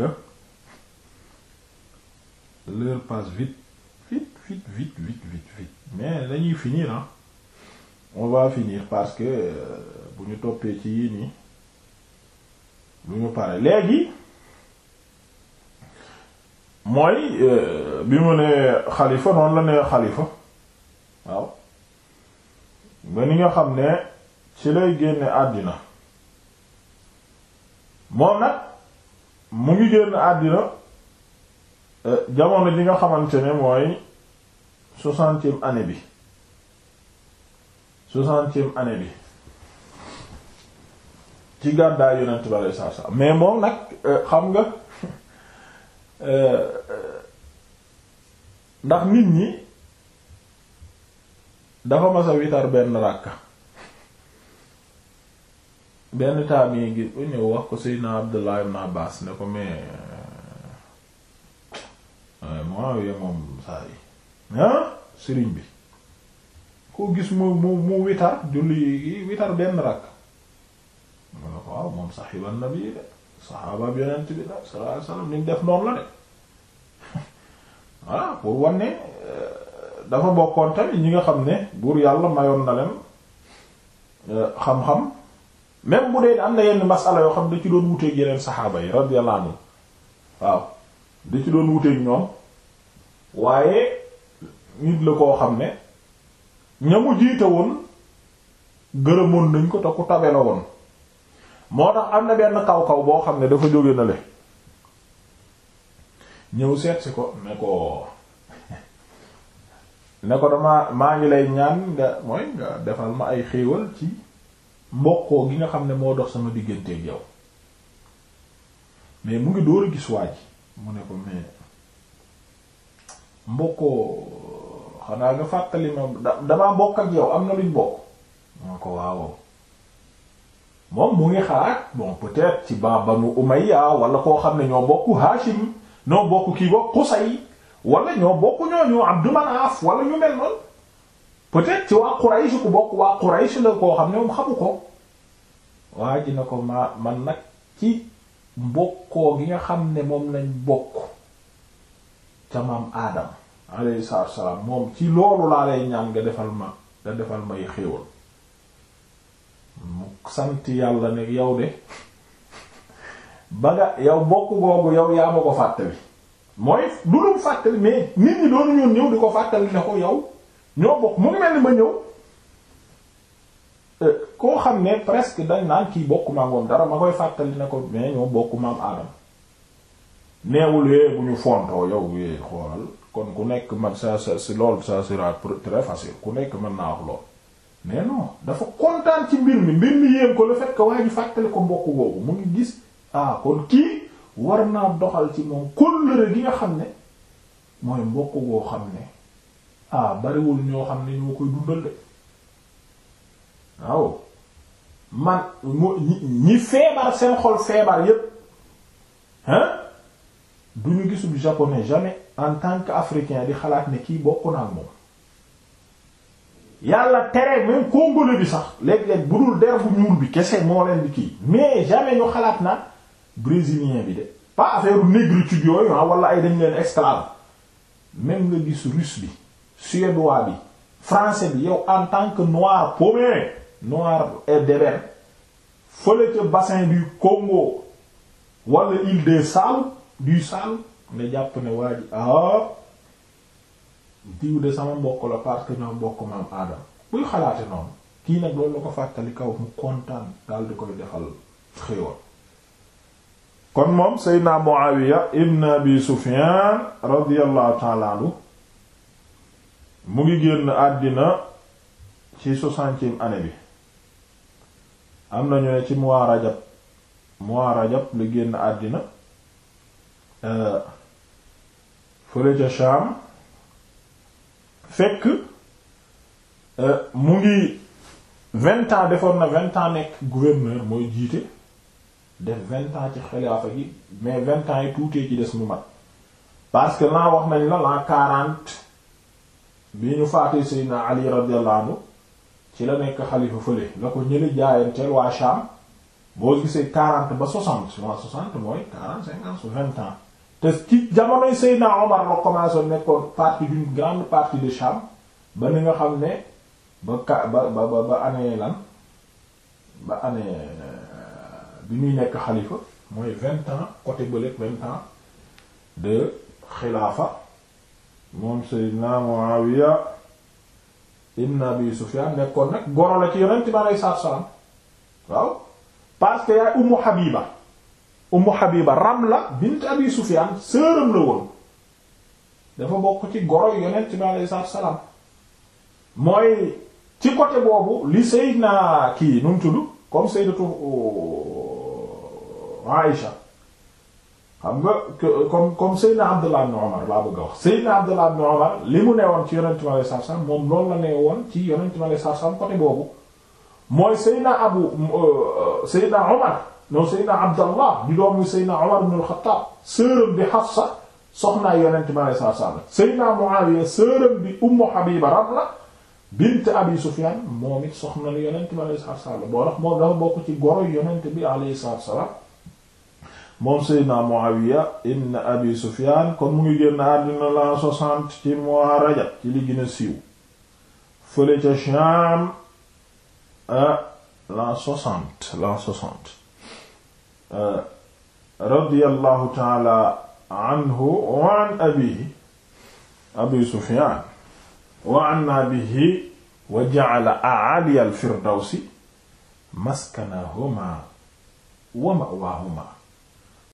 passe vite vite vite vite vite vite mais dañuy finir ah on va finir parce que euh, bu ñu toppee ci yii nii lu ñu pare léegi mooy euh, bi mu ne xalifa noonu la ne xalifa waaw ba ni nga xam ne ci lay génne àddina moom nag mu ngi génn àddina euh, jamono ji nga xamante ne mooy soixantième année bi soixantième année bi ci gàddaay yonent bi alei satu mais moom nag euh, xam nga euh, ndax nit ñi dafa mas a witar benn ràkka benn taami ngi ñëw wax ko Seydina Abdullah ibn Abbas ne ko mais euh, euh, moom saa yi ah sëriñ bi koo gis mu mu mu witar julli witar benn rakk mu ne ko waaw moom saxiban nabi de saxaaba bi bi la sallallahu alayhi niñ def noonu la de pour wanne euh, dafa bokkoon tamit ñi nga xam ne buur yàlla mayoon na leen xam-xam même bu dee am na yenn masala yoo xam da ci doon wuteeg yeneen saxaaba yi radiyallahu anhu waaw da ci doon wuteeg ñoom waaye nit la koo xam ne ña mu jiite woon gërëmoon nañ ko te ku tabe la woon moo tax am na benn kaw-kaw boo xam ne dafa jóge na le ñëw seet si ko ne ko ne ko dama maa ngi lay ñaan nga mooy nga defal ma ay xéewal ci mbokkoo gi nga xam ne moo dox sama digganteeg yow mais mu ngi door a gis waaj mu ne ko mais mbokkoo xanaa nga fàttali ma damaa bokk ak yow am na luñ bokk moo ko waawoo moom mu ngi xalaat bon peut-être ci ba banu Umayya wala koo xam ne ñoo bokk Hashim ñoo bokk kii bokk Qusay wala ñoo bokk ñooñu Abdu Manaf wala ñu mel noonu peut-être ci waa Quraysh ku bokk waa Quraysh la koo xam ne moom xamu ko waa ji ne ko ma man nag ci mbokkoo gi nga xam ne moom lañ bokk ca maam aadam alayhi salaatu wassalaam moom ci loolu laa lay ñaan nga defal ma nga defal may xéewal mu sant yàlla ne yow de ba nga yow bokk googu yow yaa ma ko fàttali mooy du lu fàttali mais nit ñi doonu ñoon ñëw di ko fàttali ne ko yow ñoo bokk mu ngi mel ni ma ñëw euh, koo xam ne presque dañ naan kii bokku maam dara ma koy fàttali ne ko mais ñoo bokku maam aadam neewul yooyu eh, bu ñu fontoo yow yooyu eh, xoolal kon ku nekk man ça ça si lool ça sera très facile ku nekk mën naa wax lool mais non dafa kontaan ci mbir mi mbir mi yéem ko le fait que waa fàttali ko mbokk boobu mu ngi gis ah kon kii war naa doxal ci moom kóllëre gi nga xam ne mooy mbokk goo xam ne ah bariwul ñoo xam ne ñoo koy dundal de waaw man ñi feebar seen xol feebar yépp hein du ñu gisul japonais jamais en tant que qu'africain di xalaat ne kii bokku naa ak moom yàlla tere même congolais bi sax léeg bu dul der ñuul bi kese moo leen di kii mais jamais ñu xalaat na brésilien bi de pas affaire négritude yooyu ah wala ay dañ leen esclave même nga gis russe bi suédois bi français bi yow en tant que noir paumé noir d'Ébène fële ca bassin du Congo wala île des Sal du Sal nga jàpp ne waa ji ah diw de sama mbokk la parce que ñoom mbokk maam aadam buy xalaate noonu kii nag loolu la ko fàttali kaw mu kontaan daal di koy defal xéewal kon moom Seydina Muawiya ibn Abi Sufyan radiyallahu ta'ala anhu mu ngi génn àddina ci soixantième année bi am na ñu ne ci mois rajab mois rajab lu génn àddina euh, fële ca Sham fekk euh, mu ngi vingt ans defoon na vingt ans nekk gouverneur mooy jiite def vingt ans ci xilaafa gi mais vingt ans yi tuutee ci des mu mat parce que wax nañ la l'an quarante bi ñu faatee Seydina Ali radiyallahu ci la nekk xalifa fële la ko ñëli jaayanteel waa Sham boo gisee quarante ba soixante waa soixante mooy quarante cinquante vingt ans te ci jamonoy Seydina Omar la commencé nekkoon partie d'une grande partie de Sham ba ni nga xam ne ba ka ba ba ba année lan ba année euh, bi muy nekk xalifa mooy vingt ans côté bële vingt ans de xilaafa moom Seydina Muawiya ibn Abi Sufyan nekkoon goro la ci yonent bi aleyhi salaam waaw parce que yaay Ummu Habiba Ummu Habiba Ramla bint Abi Sufyan sœuram la woon dafa bokk ci goro yonent bi aleyhi salaam mooy ci côté boobu li Seydina kii nu mu tudd comme Sayyidatu euh, Aïcha xam nga euh, comme comme Seydina Abdullah ibn Umar laa bëgg a wax Seydina Abdullah ibn Umar li mu ne woon ci yonent mi alayhi salaatu salaam moom loolu la ne woon ci yonent mi alayhi salaatu salaam côté boobu mooy Seydina Abu euh, euh, Seydina Umar non Seydina Abdallah di doomu Seydina Umar ibn al-Khattab sœuram bi Hafsa soxnaa yonent mi alayhi salaatu salaam Seydina Muawiya sœuram bi Ummu Habiba Rabla bint Abi Sufyan moom it soxna la yonent mi alayhi salaatu salaam boo tax moom dafa bokk ci goro yonent bi alayhi salaatu salaam moom seydna Muawiya ibn abi Sufyaan kon mu ngi génn àddina la soixante ci mois Rajab ci li gën a siiw fële ca Shaam euh, la soixante la soixante euh, radiyallahu taala anhu wa an abihi abi Sufyaan wa an abihi wa ja'ala a'aali al-firdawsi maskanahumaa wa ma'waahumaa